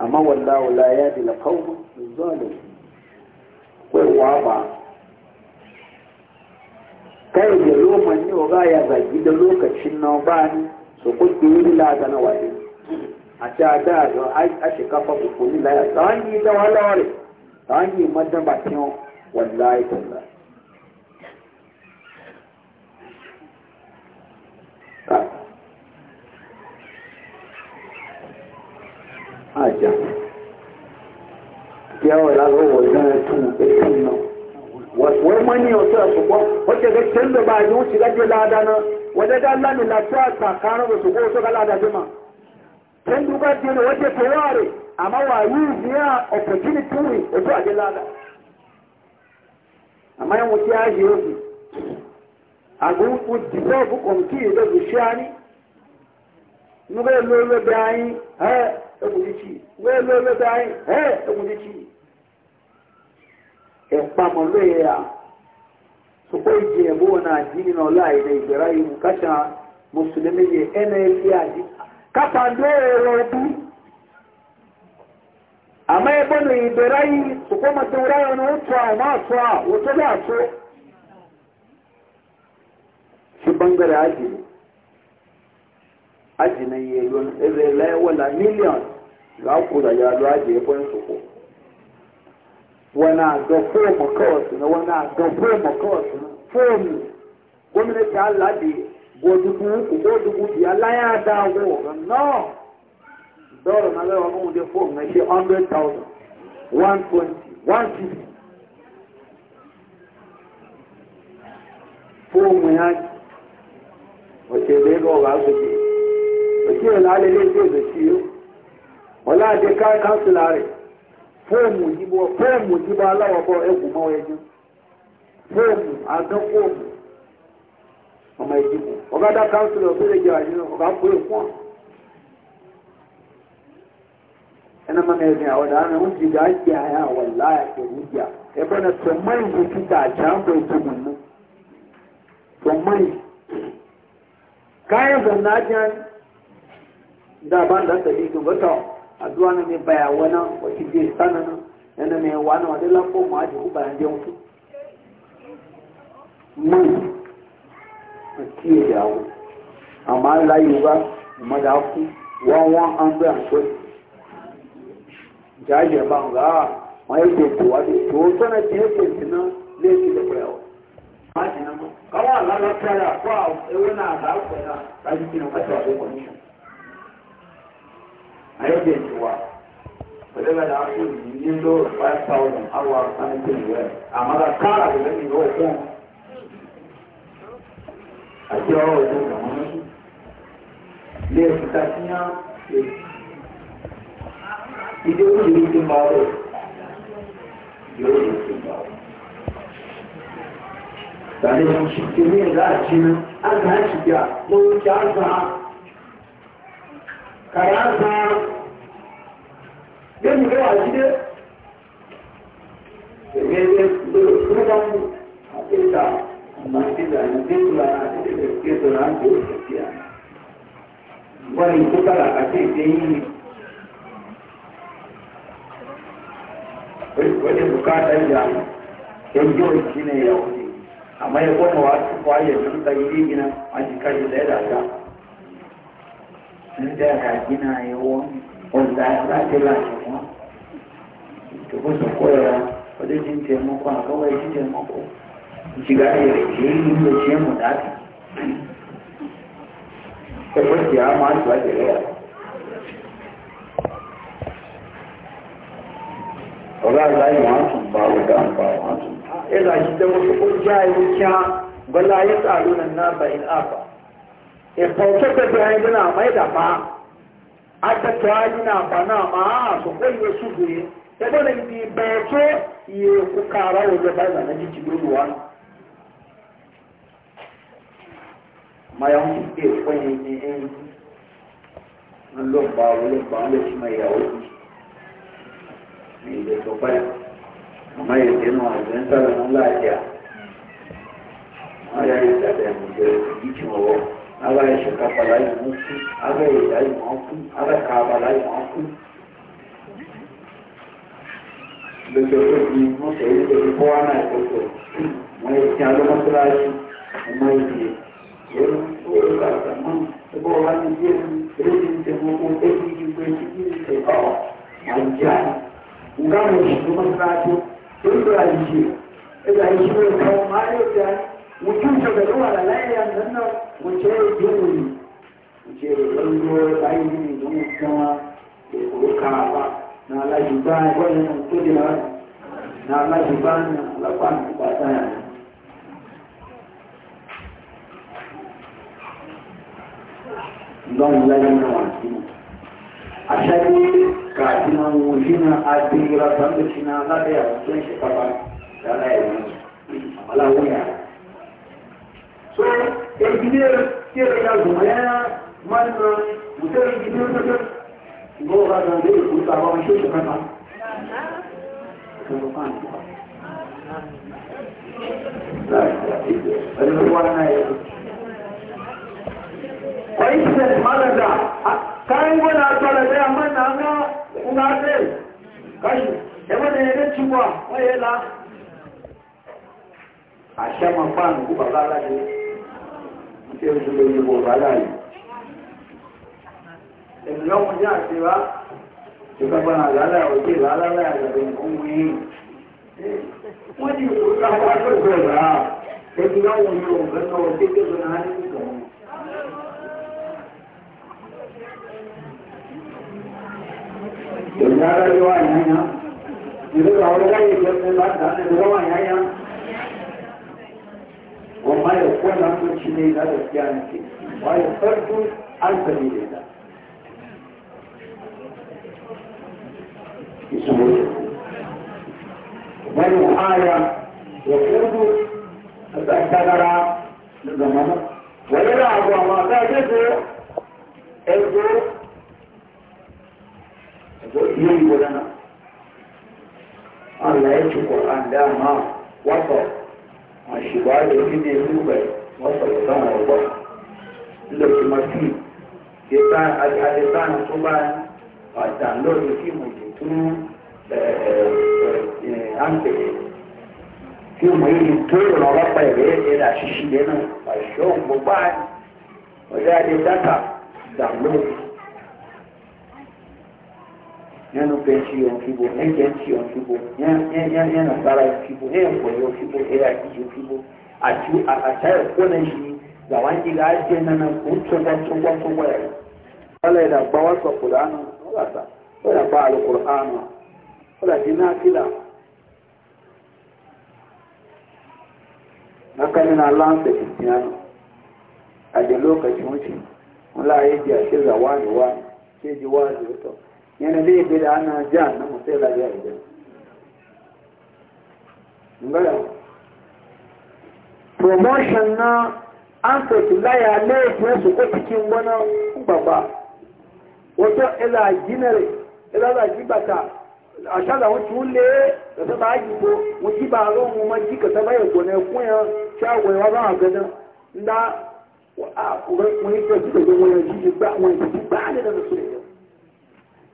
amma wallahu la yadi la kawo zalim ko wa ba kai da roman yau ga ya zagi da lokacin na ba ni so ko dole la ga na waje a a da ga a shi kafa bukuni ni la ya yi da walawari tsani madan ba tin wallahi tallahi yawon lalon wajen tun ikin nan wai mani yau sai su kwan wacce ga can da ba yi wuce gaje lada na wajen da lami lafiya tsakanin da su ko su ga lada jima can duka jini wacce ta ware amma wa yi biya opportunity ne da su a ji lada amma yin wuce ya ji yau a gunkun deserve kwamiti da zuciya nuga lolo da yi ha egundici nuga lolo da yi ha egundici ẹ̀pamọ́ lóye à sọpọ́ ìdí ẹ̀bú wọn náà jí nínú ọlá ìdẹ ìgbẹ̀rá ìlú káṣà mùsùlùmí yẹ ẹnà ilé àdí kápá lóye rẹ̀ àmọ́ ẹgbẹ́ nù ìgbẹ̀rá yìí sọpọ́ mọ́tò ráyọ̀ ní oṣù àwọn àṣọ à wòtó bí àṣọ ṣùgbọ́n gbẹ̀rẹ̀ àjì àjì náà yẹ mílíọ̀nù wani adọ fóòmù kọ́ọ̀sì náà wani adọ fóòmù kọ́ọ̀sì náà fóòmù gómìnà tí a ládi gbòdùkú gbòdùkú di aláyàdá owó náà dọ́ọ̀rọ̀ náà lọ́wọ́ mú de fóòmù náà ṣe hundred thousand one twenty one fifty fóòmù yẹn ọ̀sẹ̀ lẹ́gbẹ̀ẹ́ ọ̀rọ̀ àgbègbè òṣèlú alẹ́ lè dé ìbẹ̀sí yó ọ̀lá àdéká káńsìlà rẹ̀. fóòmù òyìnbó fóòmù òyìnbó aláwọ̀ bọ̀ ẹ̀wù mọ́ ẹni fóòmù àgán fóòmù ọmọ ìdìbò ọba dá káńsìlì ọ̀sẹ̀ lè jẹ àyè ọba kó èkó à ẹnna mọ náà ẹ̀sìn àwọn ọ̀dà àná ń jìgà àyà àwọn láyà ẹ̀wù jà ẹ̀bẹ̀ náà tó mọ́ ìwé títà àjà ń bọ̀ ìdìbò mọ́ tó mọ́ káyọ̀ bọ̀ dábàá tẹ̀lé aduwa na mai bayawa na wata je sana na yana mai yawa na wadda lafo ma aji ku bayan jan su mun hmm. a kiye yawo amma layu ba madafu wawan an bai a so jaje ba ga ma yake kowa da to sana ce yake sinan zai ci da bayawa ma ji na ma kawai lalata eh, ya kwa ewu na da akwai na ta jikin wata wakon kwanishin ayédèjúwa pẹ̀lẹ́gbẹ̀rẹ̀ àpò yìí nílò five thousand hour sanitary well àmàlà káàrà lẹ́yìn ìlú ọ̀gbọ́n àti ọ̀rọ̀ ìlú ọ̀gbọ́n lé ẹ̀kúta sí á ìdí olùdíje ti máa rẹ̀ yóò lè ti gbà ọ́. Tàbí ìṣèlú ìlà àjínú, àgbà àjìyà, mo ń ṣe àgbà kàrà sáà lẹ́yìn lọ́wọ́ àjídé èmi ẹgbẹ́ lórí fúnbọ́n àtẹ́ta àmàtẹ́ta ìdẹ́gbà àti ìdẹ́gbà láti òṣèlú à wọ́n ní tó kàrà àti ìdẹ́ yìí wọ́n ní bùkátà ìyá ẹjọ́ ìjìnlẹ̀ yàwó ni àmọ́ ẹgbọ́n wa ti fọ́ ayẹ̀ tó ń ta ilé yìí náà àti káyọ̀ lẹ́dàá ndẹ́ra jìnnà ẹ̀wọ́ ọ̀dà láti láti wọ́n ìtòkó sọ̀kọ́ ẹ̀ra ọdún tí ń tẹ̀ mọ́ kọ́ àkọ́wọ́ ẹ̀ títẹ̀ mọ́ kọ́ ìjìgá ẹ̀rẹ̀ tí ń lò sí ẹ̀mọ̀ dáàbì ẹ̀fọ́ sì á máa tó àjẹ̀rẹ̀ rẹ̀ ọ̀rọ̀ àláyé wọn tún bá ọ̀dà ń bá wọn tún. ẹ̀là ìṣẹ́wọ́n tó kó kí á gbọ́lá ayé tààlú nà náà bá ilé àbá ìfọ̀tọ́ pẹ̀pẹ̀ ẹni náà máa ẹ̀dà máa akẹ́kọ̀ọ́ ayé náà bá náà máa àsọ̀kọ́ ìwé ṣùgbọ́ yìí ẹgbẹ́ náà ti bẹ̀rẹ̀ tó iye òkú kára òjò bá ìlànà jíjì lórí wa. máa ń fi èèpọ̀ yẹn ní ẹ̀yìn ńlọ́gbà olóògbà ńlẹ̀ sí máa yàwó yìí ní ilé tó báyà màmá yẹn ti nù àjẹ́ ń sàlẹ̀ ńlá àjẹ́ àwọn ayé àjẹ́ àjẹ́ àjẹ́ ìjì ala ìṣèkà bàláì wọn kú ala ìyá ìwọn kú ala ìka bàláì wọn kú. lọ́jọ́ tó di mọ́tò yìí tó ti kọ́ wá náà ìkọ́tọ̀ wọ́n yẹ kí alọ́mọ́síláṣí ọmọ ìdí yẹn tó yẹ ká sàmọ́ ẹgbẹ́ wa ní bí ẹni eré ti ń tẹ gbogbo ẹbí ìgbẹ́ ti ń tẹ ọ́ àjà nǹkan mọ̀ ìṣòro mọ́síláṣí. baya gwada nan kudi na wani na alaji ba na alakwa na kwata ya don lalai na wasu a shari kafin na wujina a bira sanda shi na alaɗa ya sun shi kafa da alayi wani alawuya so ejidiyar kira ya zuma ya mana mutum ejidiyar ta ta gowa ga zai kusa ba wani Kwaisir malada, kayan gwada tsara zai mana ga kuna zai kashi, yaba da yadda cikwa waye la. A shaman ba nuku ba za a ne, ke su da yi gobe ala yi. Ɗin yawon ya ce ba, ìgbàgbọ́ náà lálẹ́ òjì lálẹ́ àgbàdo nǹkan mú yín. wọ́n ti kú káwọn akẹ́kọ̀ọ́ rà á ẹbí náà wọ́n yóò fẹ́ náà wọ́n tẹ́tẹ́ fún náà ní ìgbà wọn. ìyára ló wà yányá ìlú àwọn ọlọ́yẹ̀ ìjọ fún bá dáná ló wà yányá. wọ́n máa yọ fún ẹ̀rọ tó ti والوحاية يقود الثمرة للزمن ويلعب وما تجده ابدو يجب لنا الله يجب القرآن لا ما وصل الشباب يجب يجب وصل الثمرة وصل لو تمثيل يتعلم الثمرة طبعا وتعلم الثمرة anche più ma io intorno alla paese la Sicilia non faccio un po' bene magari è stata da loro io non penso io un fibo né penso io un fibo né non sarà un fibo né un po' io un e la un a ciò a ciò davanti la gente non un qua kódà ní náà fìlà hankali na lansa cristiano a da lokacin wuce wala ya ji a shirya wani wani ke ji ana jan na musai promotion na an soki laya laifin su ko cikin wani gbagba wato ila ginare ila za ji bata àṣàdà wọn tí wọn lé ẹsẹ bá yìí bó wọn jí bá lọ wọn máa jí kẹsẹ bá yẹn gbọnà ẹkún yẹn tí àwọn ẹwà bá wà gẹdẹ ńlá wọn yìí tẹsí tẹsí wọn yẹn jíjí gbá wọn yìí jíjí gbá ní ẹsẹ sọrọ yẹn.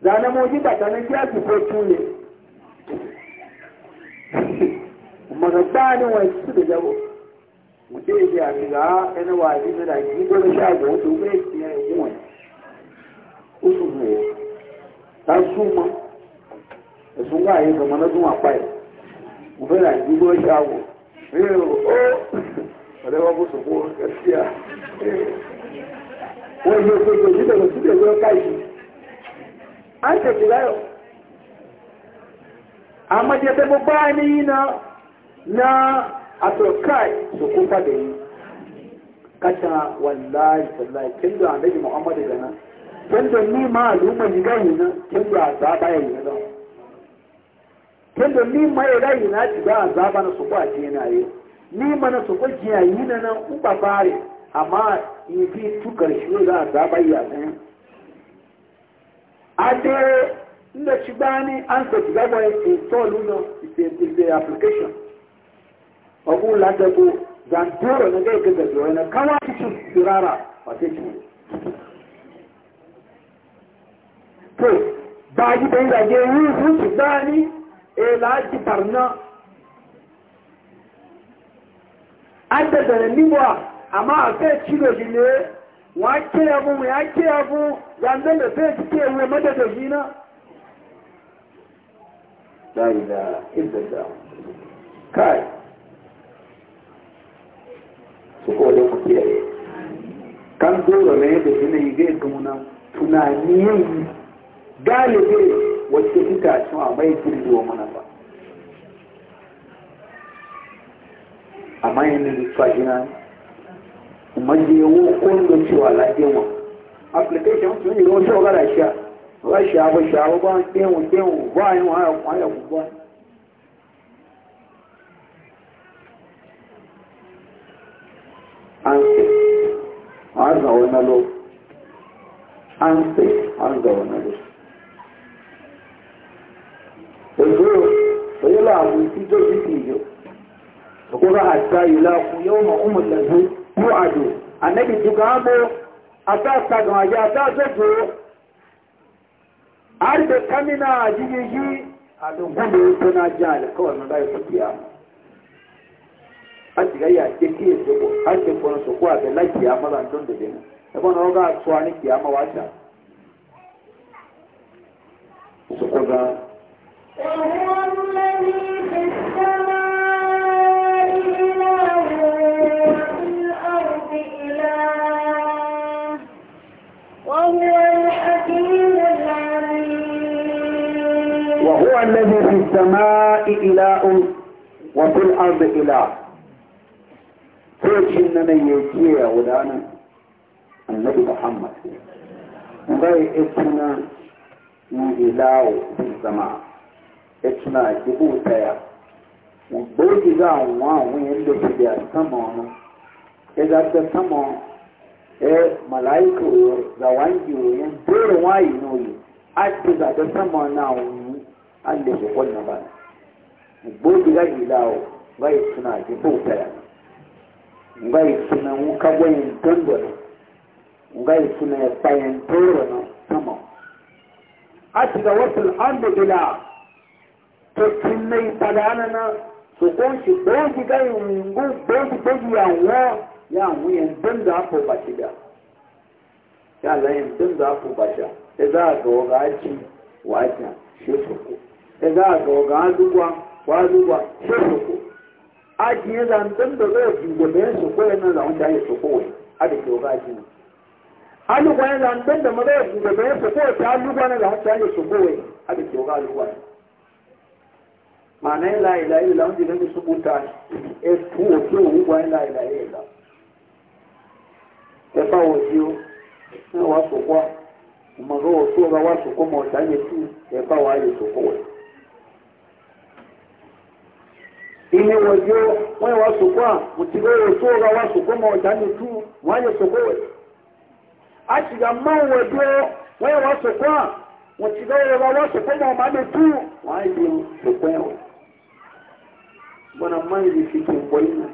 zànà mo jí bàtà ní bí àgbẹ̀fọ́ tún lè. mọ̀nà gbá ni wọn yìí tẹsí tẹsí wọn. mo dé ibi àmì rà ẹni wà á dín nílà yìí gbọ́dọ̀ ẹ̀sùn wà yìí gbọmọ lọ́dún àpá ẹ̀ mo fẹ́ láì dúró àwọ̀ ọ̀rẹ́ wọn kò sọ̀kọ́ à wọ́n yóò tó tó á ń láyọ̀ ní na àtọ̀káì sọ̀kọ́ padà yìí kata wallahi wallahi kendo ni ma ya rayu na ci ba azaba na su kwa je na yi ni ma na su kwa je yi na nan uba ba bare amma yi fi shi ne za a ya san ade inda ci ba ni an sa ci gaba ya install no is the application babu la da go na ga ga da na kawa ci tsirara ba sai ci to ba ji da ga yi su ba ni e eh, laji barna an da zananiwa amma a kai cilo shi ne wa ke yabu mu ya ke yabu yanzu da sai su ke yawo madada shi na la ila illallah kai su ko da ku kiyaye kan dole ne da ne ga tunani yin galibi wacce itacen a mai girgiwa mana ba amma yanin tsajina majiyawo kundin cewa lajewa application sun yi wasu gara sha ba sha ba sha ba ba kewun kewun ba yi wa ya kwaya ba an ce an zaune lo an ce an zaune lo àwọn ìtijọ́ yìí ti ìjọ ọkọ̀rọ̀ àṣà ìlà ọkùn yóò mọ̀ ọmọ ìlàjú yóò àjò anẹ́bì tó ga mọ́ àtàṣàgàn àyà àtàṣẹ́jọ́ àrídẹ̀ kámínà àjíyí yí àdùnkúndé tó ọdún lẹ́yìn السماء إله وفي الأرض إله فيش إننا يجيع ودانا النبي محمد نبي إتنا إله في السماء إتنا جبوتا وبرج ذا وان وين لو في السماء إذا السماء إيه ملائكة زوانجي وين دور واي نوي أكتب هذا السماء ناوي an da ke kwanna ba gbogbo ga ilawo bai suna ke bautaya yi suna wuka gwayin dandana bai suna ya bayan toro na sama a shiga wasu an da ila to cinnai padana na su kunshi gbogbo ga yin gbogbo gbogbo yawon yawon yan danda afo ba shiga ya layin danda afo ba sha ya za a ga wa waga aci wa aci shi su ẹ̀gá àgbà ọ̀gá alúgbà wà alúgbà ṣẹ́sọ̀kọ́ ajiye zantan da zai jingo da yin soko yana zaun da ya wai a da ke ọba ajiye alúgbà yana zantan da maza ya jingo da yin soko ta na zaun da ya soko wai a da ma'ana da ta etu oke owugba yin layi layi la ẹ̀fà òjì ó ní wàá sọ̀kọ́ àmọ́ ọ̀rọ̀ ma ọ̀gá wàá sọ̀kọ́ mọ̀ ọ̀tá ile wajo wani wasu kwa mutigo ya so ga wasu kuma wata ne tu wani su kowa a shiga man wajo wani wasu kwa mutigo ya ga wasu kuma wata ne tu wani su kowa bana man yi fi kin koyi na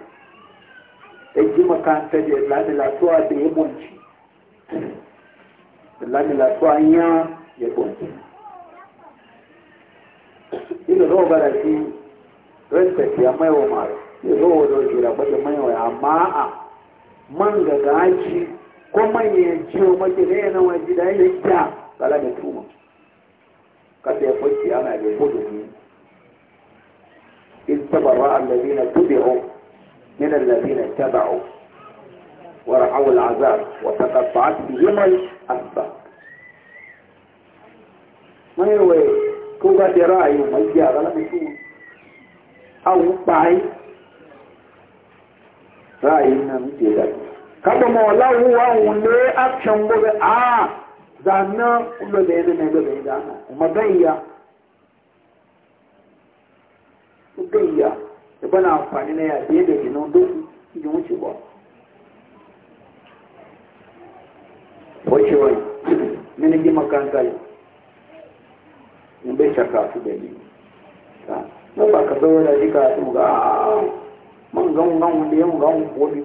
e ji makanta da lami latuwa da ya bonci lami latuwa ya ya bonci ina zo bara fi respect ya mai wa mara ya zo wa don jira ba mai wa amma a man ga gaji ko man ya ji wa maki da yana wa ji da ya ta kala da tuma kada ya fuski ana da gudu ne in tabarra allazina tubi'u min allazina taba'u ورعوا العذاب وتقطعت بهم الأسباب ما هو كوكا دراعي وما يجي على الأمشون awupai ra'ayin na muke da kada ma wallahu wa action a zanna kullu da yana ne gobe da ana magayya amfani na ya biye da ginon duk idan wuce ba wace wani mini ji shaka mun ba ka sauya da shi ka su ga mun gan gan wanda ya gan gobe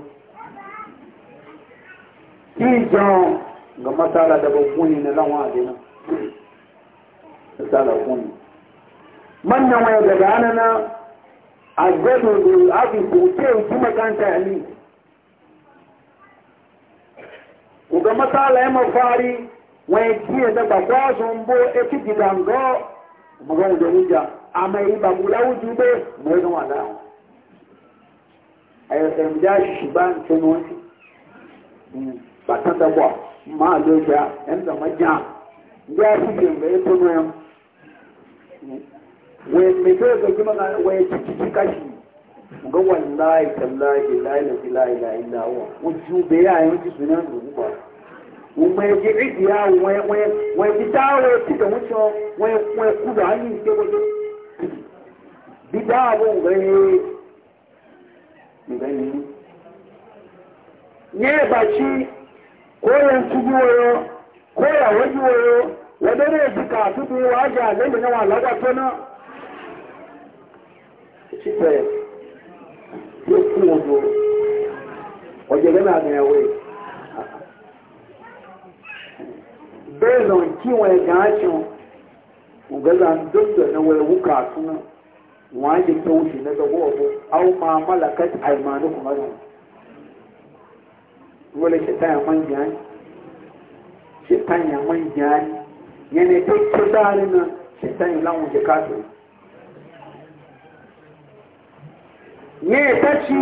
ki jan ga masala da babbuni na lawan adina misala kuni manyan waya daga anana a gado da abin ko ce ki makanta ni ko ga masala ya mafari wani kiyar da ba kwasun bo e fi gidango magana da hujja ama yi ba mu lawuju be mu yi nuwa na ayo sɛm gya hyehyɛ ba nkyɛn wɔn si bata da bɔ mmaa lo gya ɛn da ma gya gya si gya mɛ eto no yam wɔn mmeke ga gyima na wɔyɛ tititi kashi nga wallahi tallahi la ilaha illa illa huwa wuju be ya ayo ji sunan do ba wọ́n yẹ ìdí àwọn ẹ̀wọ̀n ẹ̀wọ̀n ẹ̀dí táwọn ẹ̀tí tẹ̀wọ́n sọ wọ́n ẹ̀kú rà á ní ìgbẹ́wọ́dọ́ dídá àwọn ìgbẹ̀yìn ìgbẹ̀yìn ní ẹ̀bàṣí kó yẹn túbú wọ́yọ́ kó yàwó jú wọ́yọ́ lọ́dọ́ ní èjìká túbú wà ájá àgbẹ̀mì náà lọ́gbà tó náà ṣípẹ̀ tí ó kú ojú ọjọ́gẹ́ náà ní ẹ̀wẹ̀ bẹ́ẹ̀ lọ kí wọ́n ẹ̀gá ṣan ògbẹ́lá ń dókítà náà wọ́n ẹ̀wú wọ́n á yẹ pé wọ́n ṣe lẹ́gbẹ̀ẹ́ wọ́n ọ̀bọ àwọn máa mọ́làkẹ́ àìmọ̀ọ́nù kò mọ́là wọ́n lè ṣètàn àwọn ìyá ni ṣètàn àwọn ìyá ni yẹn ní pé tó dáárín náà ṣètàn yìí láwọn òjò káàkiri. ní ẹ̀ka tí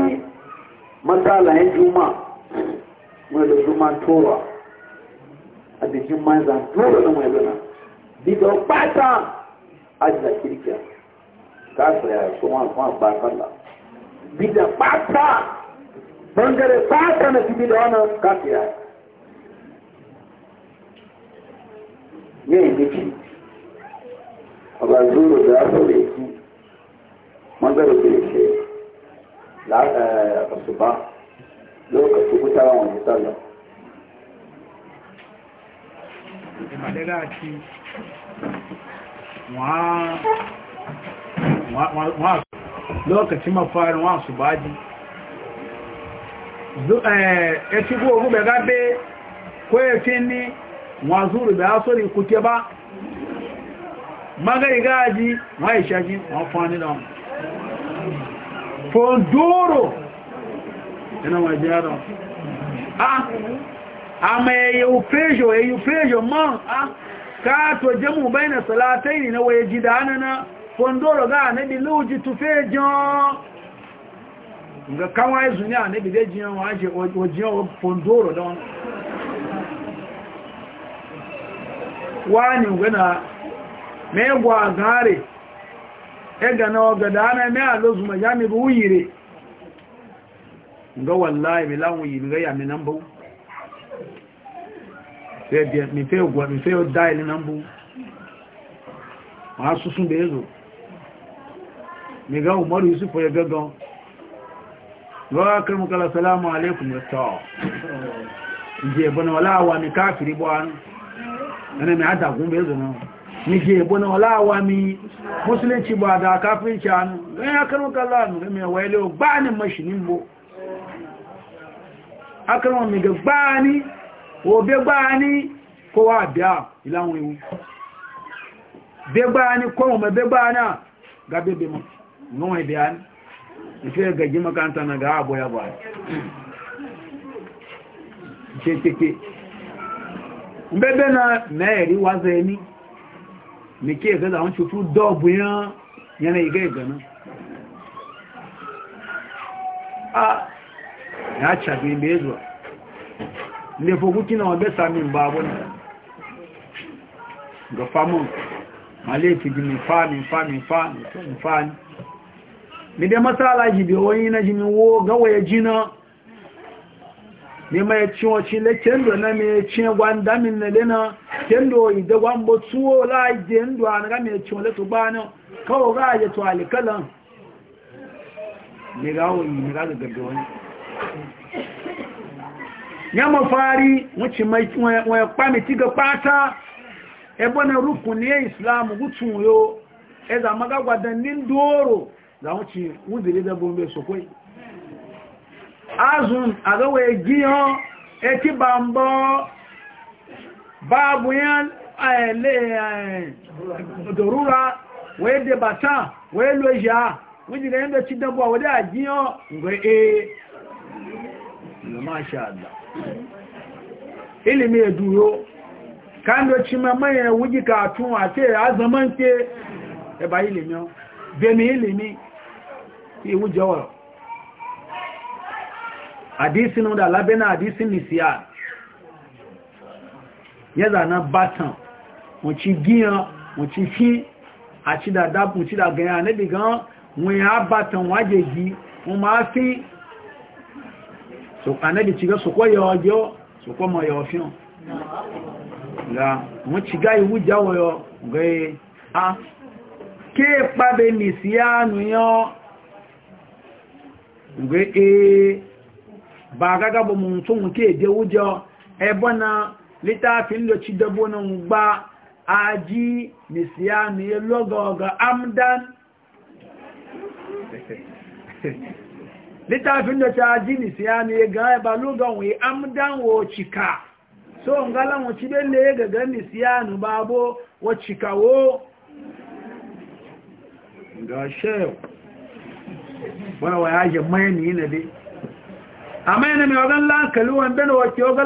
mọ́tàlá ẹ̀ jùmọ̀ wọ́n lè jùmọ̀ tóra àti jùmọ̀ ìzà tóra lọ́wọ́ ẹ̀lọ́nà bí lọ pátá kafira ya so wọn fún àgbà sallah bida pata bangare pata na ti bida wọn kafira ne méjì ọba zuru da afọ lè kí mọ́gbẹ̀rẹ̀ kìí ṣe ọ̀ṣùpá lókàtí kúta àwọn òṣìṣẹ́ lọ. Ìmọ̀lẹ́lá àti wọ́n á lokacin mafarin wasu baji ya ci gogu bai gabe ko ya fi ni wazuru bai asori kuke ba magari gaji ma yi shaji wọn fani da wọn fondoro yana waje yadda a a mai yi ufejo yi ufejo man a ka to jamu bai na salatai ne na waje jidanana fondoro ga anabi luji tufe jan nga kawa izu ni anabi de jiyan wa je ojiyan fondoro don wani gana me gwa gare e gana ogada a na eme alo zuma ya mi ruyire nga wallahi mi lawun yi nga ya mi nan bu fe bi mi fe gwa mi fe na nan ma susun be ya ga umaru yusufu ya gagan rawa karmu kala salamu alaikum ya ta je bana wala wa mi kafiri bo an ana mi hada gumbe zana mi je bana wala wa mi musulunci ba da kafin ci an ga ya karmu kala mi ga mi wayle ba ni mashinin bo akarmu mi ga ba ni obe ba ni ko wa bia ilawun ewu be ba ni ko mo be ba na ga bebe mo nuna biyan ife gaji makaranta na ga abu ya baya ce cike bebe na meri waza eni me ke gaza wọn cutu dọbu yan yana iga igana a ya cabe ibe zuwa ne fokuki na wabe samin babu ne ga famon ma laifi gini fa min fa min fa min fa ni mi dai matsala jibe wani na jimi wo gawa ya jina ne mai cinwa cile kendo na mai cin gwanda damin na lena kendo ide gwambo tuwo laje ndo an ga mai cinwa letu bana kawo ga ya to alikalan ne ga wani ne ga gabe wani ya mafari wuce mai wani kwamiti ga fata ebe na rukun ne islamu gutun yo eza magagwadannin doro za mu ci wuzuri da bombe su kwai azun a gawa ya giyo ya ki bambo babu yan dorura wai da bata wai loja wujira yadda ci dabuwa wadda a giyo ga e ya duro kando ci mamaye wujika tun a ce ya zaman ke ẹba ilimi ọ bẹ̀mí ewu jọwọ́ àdísí ní ọdá lábẹ́ náà àdísí ní sí à yẹ́zà náà bátàn wọ́n ti gíyàn wọ́n ti fí àti dàdápù tí dàgẹ̀yàn níbi gan wọ́n yà bátàn wọ́n jẹ́ gí wọ́n máa fí anẹ́bì ti gẹ́ sọ́kọ́ yọ ọjọ́ sọ́kọ́ mọ̀ yọ fíhàn la wọ́n ti gá ìwú jáwọ́ yọ gẹ́ kí pàbẹ̀ nì sí mgbe ee ba agaga bụ mutum nke de wujo ebe na lita da ci dabo na gba aji nisiya ne logo ga amdan lita da ci aji nisiya ne ga ba logo wi amdan wo chika so ngala mu ci belle ga ga nisiya e nu babo wo chika wo ga shehu wani wa yaje mai ni na dai amma yana mai wagan lankali wanda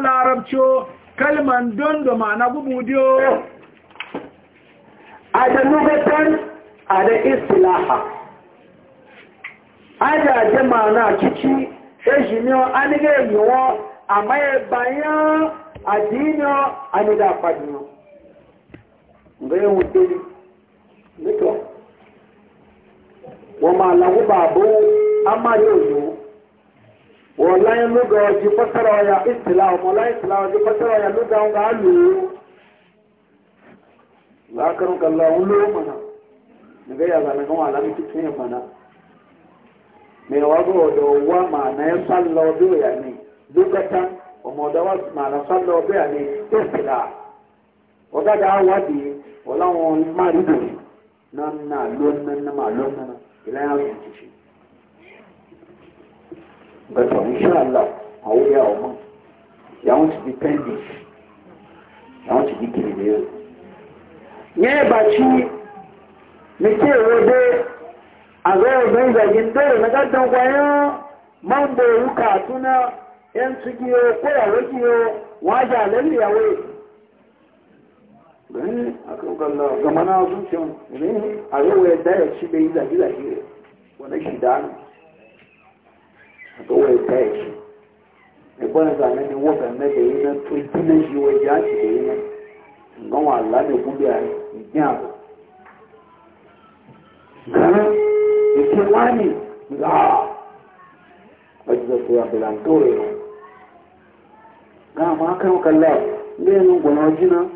larabcio kalman don da ma na gubu diyo a da lugatan a da istilaha a na kici sai shi ne a mai a da wọ́n máa làwọn bàbá amáyé òyò wọ́n láyé lóga ọjọ́ pọ́tẹ́rọ ọ̀yà ìtìlá ọmọ láyé ìtìlá ọjọ́ pọ́tẹ́rọ ọ̀yà lóga ọ̀gá lò ó. lákàrú kàlá òun ló mọ̀nà nígbà yàrá tuntun yẹn mọ̀nà. ọ̀dọ̀ ìlànà àwọn èèyàn ti ṣe. bẹ́ẹ̀ ní ṣáàlà àwọn ìyá ọmọ ìyàwó ti di pẹ́ndì ìyàwó ti di kìlìlì rẹ̀. yẹ́n bàtí mi tí èrò dé àgọ́ ọ̀gbẹ́ ìgbàgbé ń bẹ̀rẹ̀ lọ́gàdàn wáyé máa ń bo òwú kàtúnà ẹ̀ ń tún kí o kó ìyàwó kí o gani a galla ne a yau ya daya ci da yi zagi zagi wani shi da ana daya shi ne bane zane ne wakan na da yi na turki na shi wai ya shi da yi na gan Allah ne gudu a yi abu gana da ke wani za a wajen zafi ya bilantore gama kan kalla ne yin gwanajina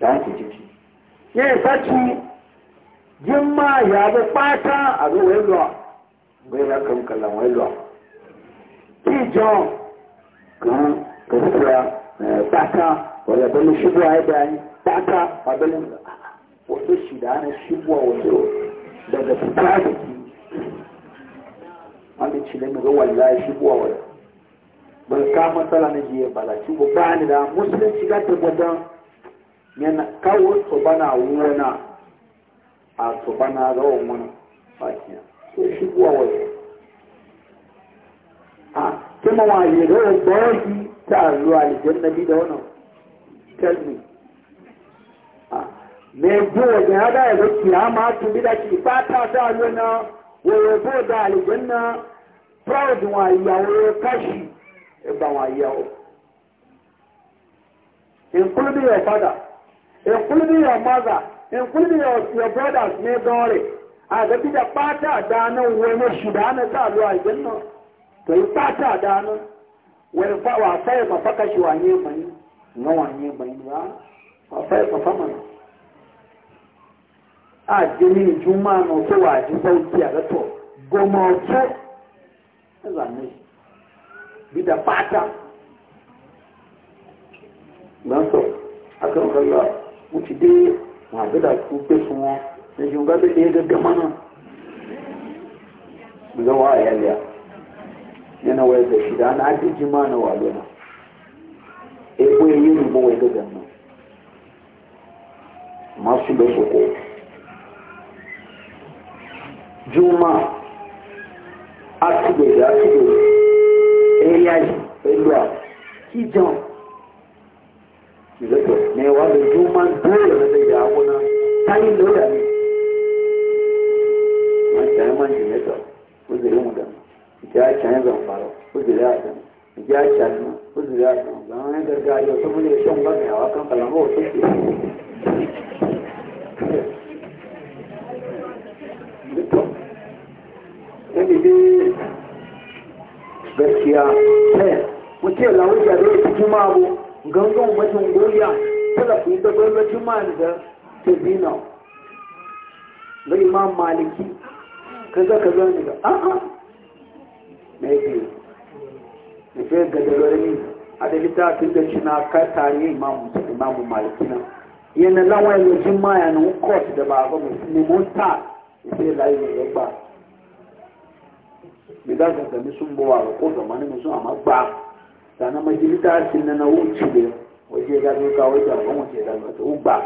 da ake ciki ya yi saci jimma ya ga fata a ga wailwa bai da kan kallon wailwa ti john kan ka fita eh, fata wadda bani shigowa ya bayani fata a bani wato shi da ana shigowa wato daga fita da ke wanda ci da ga wallahi shigowa wadda bai kama tsala na jiye bala shigo ba ni da musulunci ga tabbatar nyɛna kawo soba na awoɔ na a soba na aga wɔn mu no fatia so ehi a wɔyɛ a kema wɔn ayɛ dɛ wɔn bɔɔ ta alo alijan na da wɔn tell me a mɛ bu wɔ gyina da yɛ bɛ kiri ama ato bi da kiri paata ta alo na wɔyɛ bu da alijan na proud wɔn ayɛ a wɔyɛ kashi ɛba wɔn ayɛ o nkuru bi fada. including your mother, including your, your brothers, may glory. A ga da da nan wani shida na sa zuwa jinnu, to yi fata da nan, wani wa sai mafaka shi wanye mai, na wanye mai ba, wa sai mafa mana. A jini juma na so a gato, goma otu, ó ti dé wọn àgbẹ̀dà tó gbé fún wọn ní yorùbá bẹ́ẹ̀ lé gẹ́gẹ́ mọ́nà lọ́wọ́ àyàlẹ́ yana wayar da shi da ana ajiji ma na walo na e ko yi ni mo wayar da mu masu da soko juma asibe da asibe e yayi e lua ìrẹ́pẹ̀ ní wàá lè dún máa ń dúró ìrẹ́pẹ̀ ìyá àwọn náà táyé lórí àmì. wọ́n ti àyẹ̀mọ́ ìjìnlẹ̀ tọ̀ ó sì rí wọn dà ìjà àti àyẹ̀ zàn fàrọ̀ ó sì rí àdàn ìjà àti àdàn ó sì rí àdàn làwọn ẹ̀ gàgà ayọ̀ tó múlẹ̀ ìṣọ́ nǹkan kẹ̀ àwọn kan kàlà ìtìjú máa wo. gangan wajen goya talafin da gwamnatin mali da tezina ga imam maliki kaza kaza ne da a'a na yake ne ke ga dalolin a da littafin da shi na katare imamu maliki na yana lawan yajin maya na kot da ba ga musulmi mota sai layi ne ya gba mi za ka gami sun bowa ga ko zamanin sun a magba sana majalita sinna na wuce da waje ga zo ka wajen kan wuce da ka ugba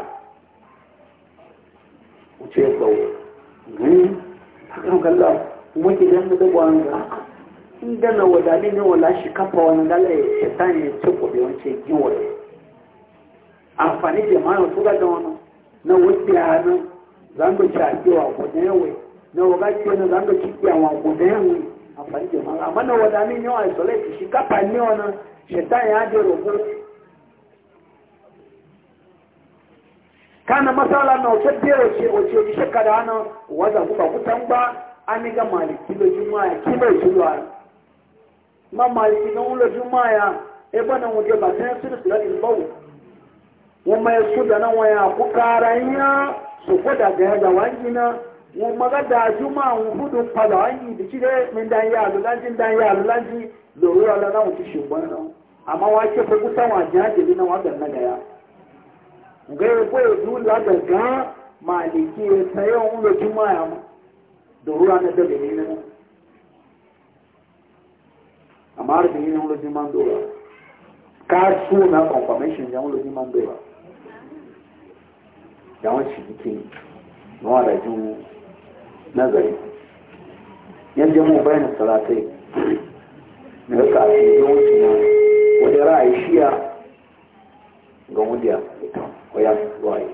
wuce ga gani akan kallon kuma ke dan da gwan ga inda na wadani ne wala shi kafa wani gala ya shaitan ya ce ko bai wance giwa amfani jama'a su ga da wani na wuce ya nan zan ga ci a giwa ko da yawa na waga ci wani zan ga ci giwa ko da yawa amfani da mana amma na wadanin yawan isolate shi kafa ne wani shaitan ya je rogo kana masala na wace biyar ce wace ji shakka da hana wadda kuma kutan ba an ga maliki da juma'a kilo juwa ma maliki ga wula juma'a e bana wuje ba sai su da ilbau wamma ya su da nan waya ku karanya su ko da ya da wangina wọn maga daju ma wọn hudu pala anyi da shi dai min dan ya lulanji dan ya lulanji lori ala na shi shugaban nan amma wa ke fa kusa wa jaje na wa ganna ga ya ga ya ko ya dula da ga maliki ya sayo un da juma ya mu lori ala da bele ne amma da yin un da juma dora ka su na confirmation ya un da juma dora ya wani shi dike ne wa juma nazari yan jamu bayan salatai na raka a yi wuce na wajen ra'ayi shiya ga wudiya ko ya ra'ayi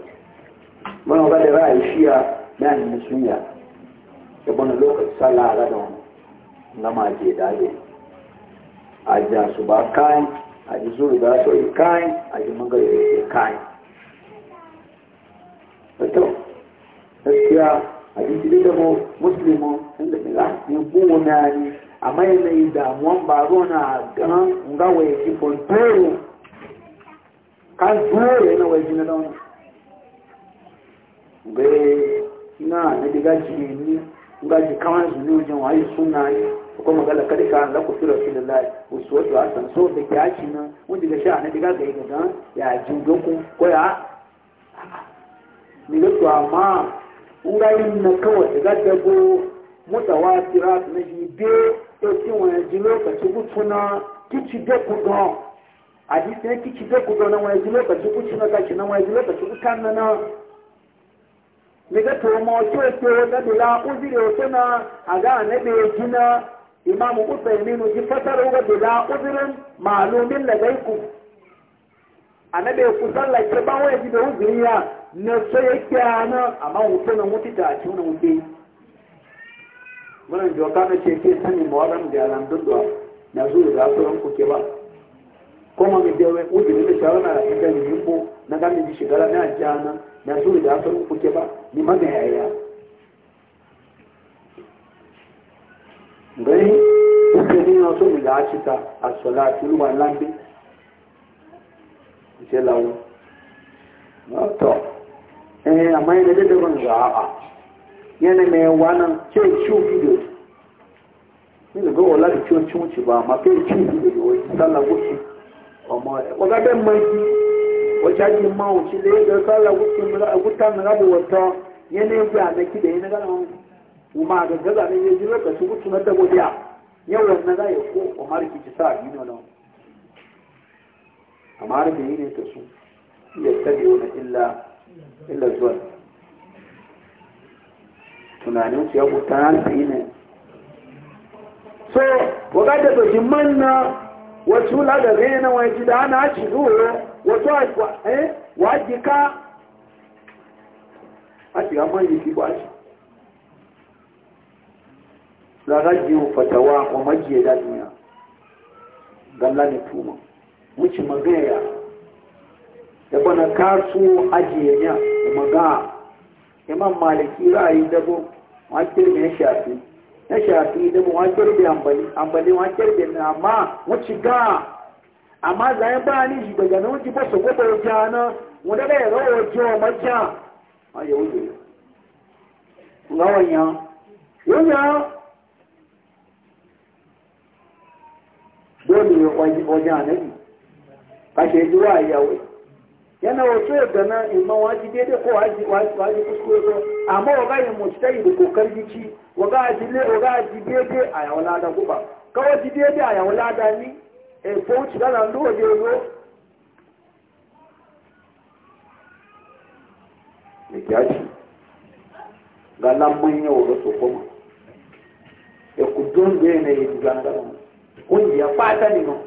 mana ga ra'ayi shiya na yin musulmiya ya bane lokaci sallah ga da wani na maje dade a ji su ba kayan a ji zuru da su yi kayan a ji magana da ke kayan gaskiya hadisi da dabo muslimu inda ila ne buwo na ni amma yana yi damuwan baro na gan nga waye ki fontoro kan zuwa yana waye na dauna bai na na diga ci ni ga ji kawai su ne wajen waye suna yi ko magana kada ka la ku fi rasulullahi uswatu hasan so da ki aci nan wanda ga sha na diga ga ga ya ji doku ko ya ni ga to amma ngayin na kawai ga dabo mutawa tirat na shi be to ki wani ji lokaci gutuna kici da ku ga a ji sai kici da ku ga na wani ji lokaci gutuna ga na wani ji lokaci gutan na ne ga to mo to to da dula uzire to na aga ne be jina imamu usaiminu ji fatar ga dula uzirin malumin ladaikum anabe ku sallake ba wani ji da ya na soya kyana amma wuce na mutu da ake wani wuce wannan joka na ce ke sani mawaran da yaran dundwa na zuwa da asirin kuke ba kuma mai dewe wuce da na rafi gani na gani ji shigara na jana na zuwa da asirin kuke ba ni ga yaya gani kuke ni na so mu da ce lawo eh amma yana da daban za'a yana mai wannan ce ciwo video ni ga wala da ciwo ciwo ci ba ma ke ciwo video wai sallah gushi amma wala da mai wajaji ma wuci da ya sallah gushi mu da gutan na da wata yana yi ga naki da yana ga nan kuma ga gaza ne ya ji lokaci gutu na dabo dia yau wannan da ya ko Umar ki ci sa ni non amma da yi ne ta su yattabi'una illa illa zuwa tunanin su ya kuta hankali ne so wakata da shi manna wasu lagarai na wani ji da ana ci zuwa wasu wajika a ti ga manyi fi ba shi lagajin fatawa wa majiyar duniya galla ne tuma wuce magaya ebona kasu ajiyanya maga imam maliki ra'ayi dabo wakir ne shafi na shafi dabo wakir bi ambali ambali wakir bi na amma wuci ga amma zai ba ni shi daga nan wuci ba su gobe jana wanda bai ga wuci wa maja ayo wuce ngawanya yanya dole wajen anabi kashe zuwa yawai yana wato ya gana imman waji daidai ko waji kuskure ko amma waga yin mu ta yi da kokar gici waga aji ne waga aji daidai a yawon lada guba kawai ji daidai a yawon lada ni e ko ci gana ndo waje yo ne ya ci ga lamman yau e, da so kuma ya ku dunga yanayi gangara kungiya fata ne no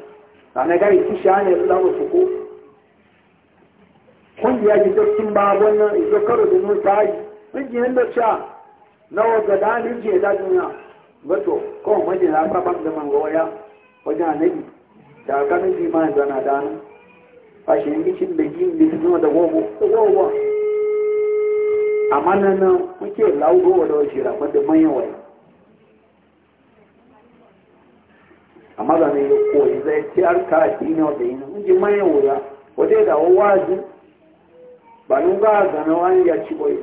sanagari kishi hanyar lamu ko kungiya ji cikin babon nan izo karo da nuta yi kungiyan da cha na waga da ni je da duniya wato kawai maje na saban da man wajen anabi da ji ma na da nan a shi yanki cin da gini da suna da gogo gogo amma nan nan muke lauro wa da wace manyan amma zane koyi zai ciyar ka shi ne yi nan ji manyan wuya ya da wajen balungazana wanja chiboyo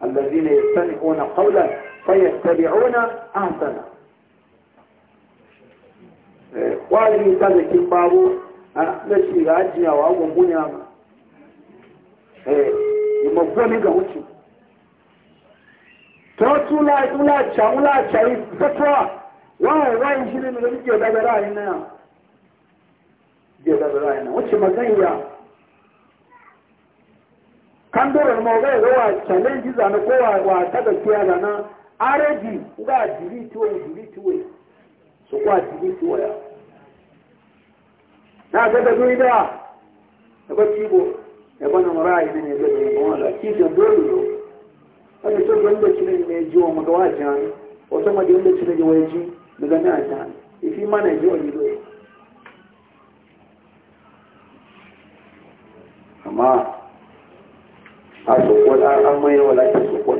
alladhina yastami'una qawlan fayattabi'una ahsana kwali kaze kimbabu anashiga ajiya wa gungunya eh nimekuwa minga huchi totula tula chaula chai fatwa wao wao injili ndio ndio dadara ina je dadara ina uchi maganya kan doron ma challenge zana ko wa wa ta da kiya da na areji ga jiri tuwe jiri tuwe su kwa jiri tuwe na ga da duida da ba cibo da ba na mara idan ne zai yi kuma da ci da dole ne wanda to wanda ne ji wa maka wajen wata ma da wanda cin ne wai ji daga a ta ifi mana asopɔn amɛyɛ wɔ lati asopɔn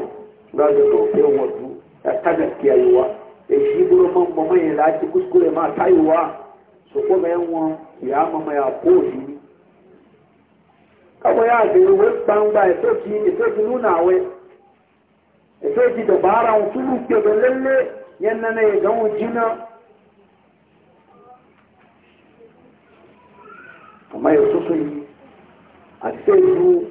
n'azɔ tɔ fɛ wɔ du ata gaskiya yi wa esi bolo ma mɔmɔ yɛ lati kusukuru yɛ ma ta yi wa sopɔ mɛ ŋɔ yɛ amama yɛ apɔ yi kama yɛ azɛri wo gbangba efe fi efe fi nu na awɛ efe fi dɔbaara ŋu tulu kpɛbɛ lele yɛ nana yɛ gaŋ dzina. ama yɛ soso yi ase du.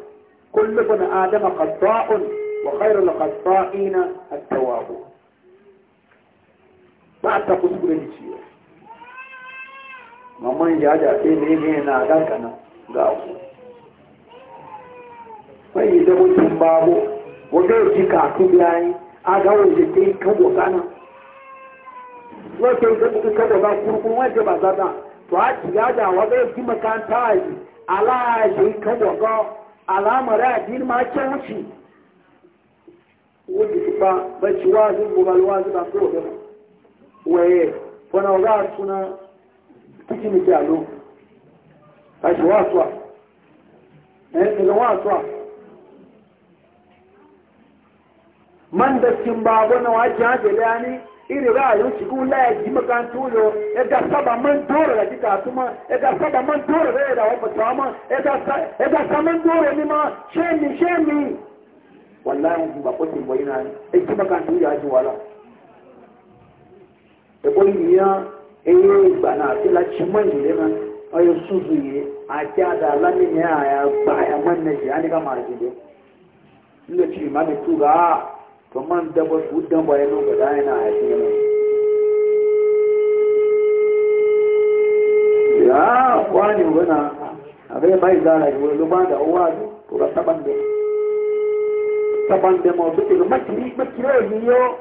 كل ابن آدم قطاع وخير القطاعين التواب ba ta kuskuren ciwo mamman ya ja sai ne ne na ganka nan ga ku mai da mutum babu ji kaku a ga wanda ke kan wakana wata yi zai kuka da ba kurkun ba to a ya ji ala alamar addini ma ke wuce wuce su ba bai ci wazin gobal wazin ba kowa gaba waye wani za a suna tuki mu jalo a shi wasuwa eh daga wasuwa man da kin babu na wajen hajjale ne iri ra'ayin shigu layaji makarantu yo ega saba man doro da jika tuma ega saba man doro da yada wata tama ega saman doro ni ma shemi shemi wallahi mun ba ko tin boyina e ki makarantu ya ji wala e boyi ni ya e ye gba na ti la chi man ni le ma ayo suzu ye a ja da la ni ya ya ba ya man ne ji ani ka ma ji le ne ci ma ne tu to man dabo uddan ba yana ga dana a cikin ya kwani wana abai mai zara yi wani ba da uwa to ga taban da taban da ma su ga makini makire ni yo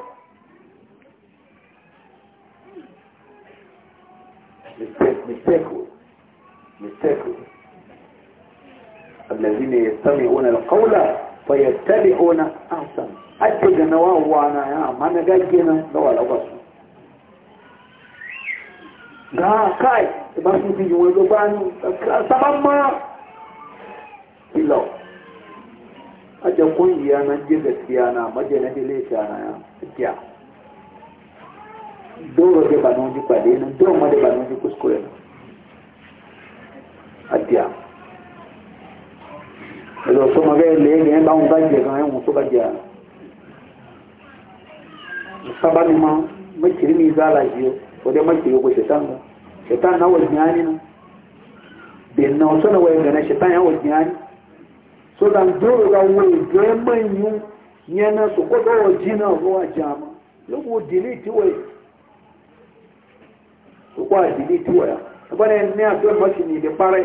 mistake mistake mistake الذين يستمعون القول fayattabi'una ahsan ake ga nawa na ya amma na gagge na da su ga kai e ba su bi wani bani saman ma ilo ake na ji gaskiya na na dile ta na ya doro ji doro ma ji kuskure ẹ̀rọ tó mọ̀ bẹ́ẹ̀ lè ẹgbẹ̀rẹ́ bá wọn bá jẹ ẹ̀rọ ẹ̀wọ̀n tó bá jẹ àrùn sábà ní ma mẹ́kìrí ní ìzára yìí ọdẹ mẹ́kìrí ogun ṣẹ̀tàn lọ ṣẹ̀tàn náà wọ̀ jìyàn nínú dènà ọ̀tọ́ náà wọ̀ ẹ̀gbẹ̀rẹ́ ṣẹ̀tàn yà wọ̀ jìyàn ní so that gbóòrò ga wọ ìgbẹ́ mẹ́yìn yẹn náà sọ kọ́tọ́ wọ̀ jí náà wọ́ àjà mọ́ lóko dìlí tiwọ̀ yìí sọ kọ́ àdìlí tiwọ̀ yà ẹgbẹ́ ní àtọ́ mọ́ṣin ìdí parẹ́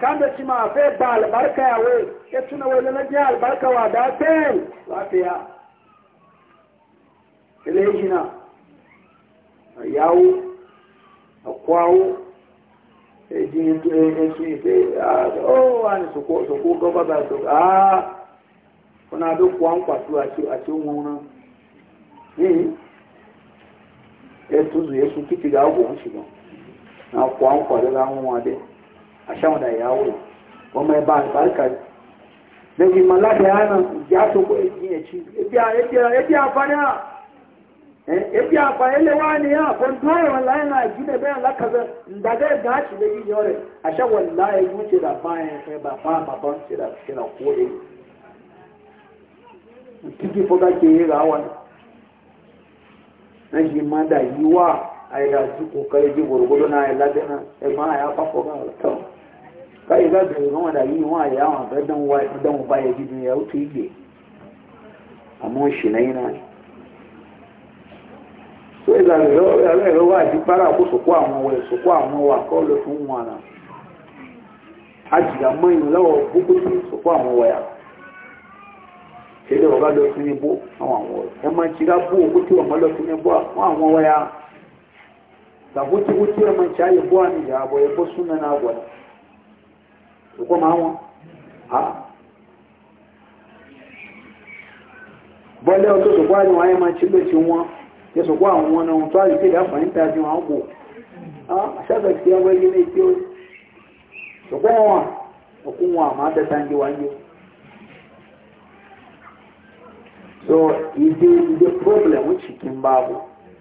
kanda ci ma fe ba albarka ya wai ya tuna wai na ji albarka wa da fe lafiya ilejina a yawo a kwawo e e, e, a ji yanzu a yanzu ife a owa ne su ko gaba ba su a kuna duk kwan kwasu a ci a ci wuna ne ya tuzu ya kiti ga agwon shi ba na kwan kwasu ga wunwa dai a shan da ya wuri wa mai ba albarka da yi malaka ya nan ya so ko ya ci ya fi amfani a ya fi amfani lewa ne ya kwan dole wallahi na gina bayan lakazin daga ya gaci da yi yore a shan wallahi ya wuce da bayan sai ba ba ba ban ce da shi na koyi kiki foga ke na shi ma ya labe na kai ga da yawan da yi wa ya wa ga dan wa dan ba ya gidin ya wuce yake amma shi na yana so ila lo ya le ro wa ti para ko so ko àwọn wa so ko àwọn wa ko lo fún wa na aji ga mo yin lawo buku ti so ko àwọn wa ya se de ba lo fún ibo àwọn wa e ma ti ga bu ko ti o mo lo fún ibo àwọn wa ya ta ko ti ko ti o ma cha ibo òkọ́ máa wọn bọ́lẹ́ ọjọ́ sọ̀kọ́ àjọ ayé máa ṣe lóṣe wọn yẹ sọ̀kọ́ àwọn wọn náà tó àyíké dáfà níta àti wọn àpò ṣẹ́fẹ̀ sí ẹwọ́ ilé ní ìpé sọ̀kọ́ wọn ọkùn wọn àmà tẹ́ta ń wá yé so ìdí ìdí problem chikin babu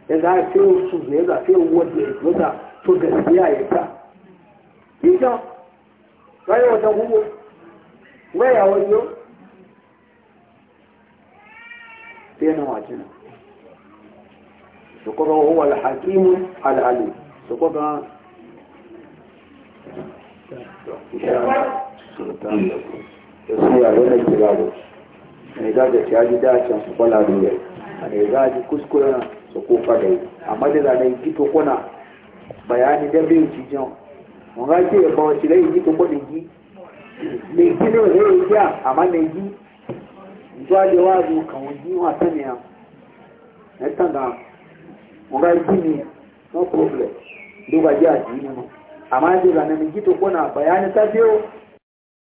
ya ga fi oṣù ya ga fi owó da ya ga tó gẹ̀ẹ́sì àyíká wáyé wọ́n tán kúkú wọ́n yà wọ́n yó bí ẹnu wà jìnà sọkọ́rọ̀ owó alhakimu alhali sọkọ́rọ̀ ne za ta caji dacin su kwala dole a ne za kuskuren su kofa da yi amma da zanen gito kuna bayani da bai wọ́n jí ẹ̀bọn ṣìlẹ̀ yìí tó pọ̀ nìjí nìjí náà lè rí jà àmá nìjí ìjọ alẹ́ wá rí kàwọn jí wọn àtẹ́ni à ẹ̀tànà wọ́n ni no problem ló bá àjí nínú àmá jẹ́ ìlànà nìjí tó pọ̀ náà bàyá ní sáfíò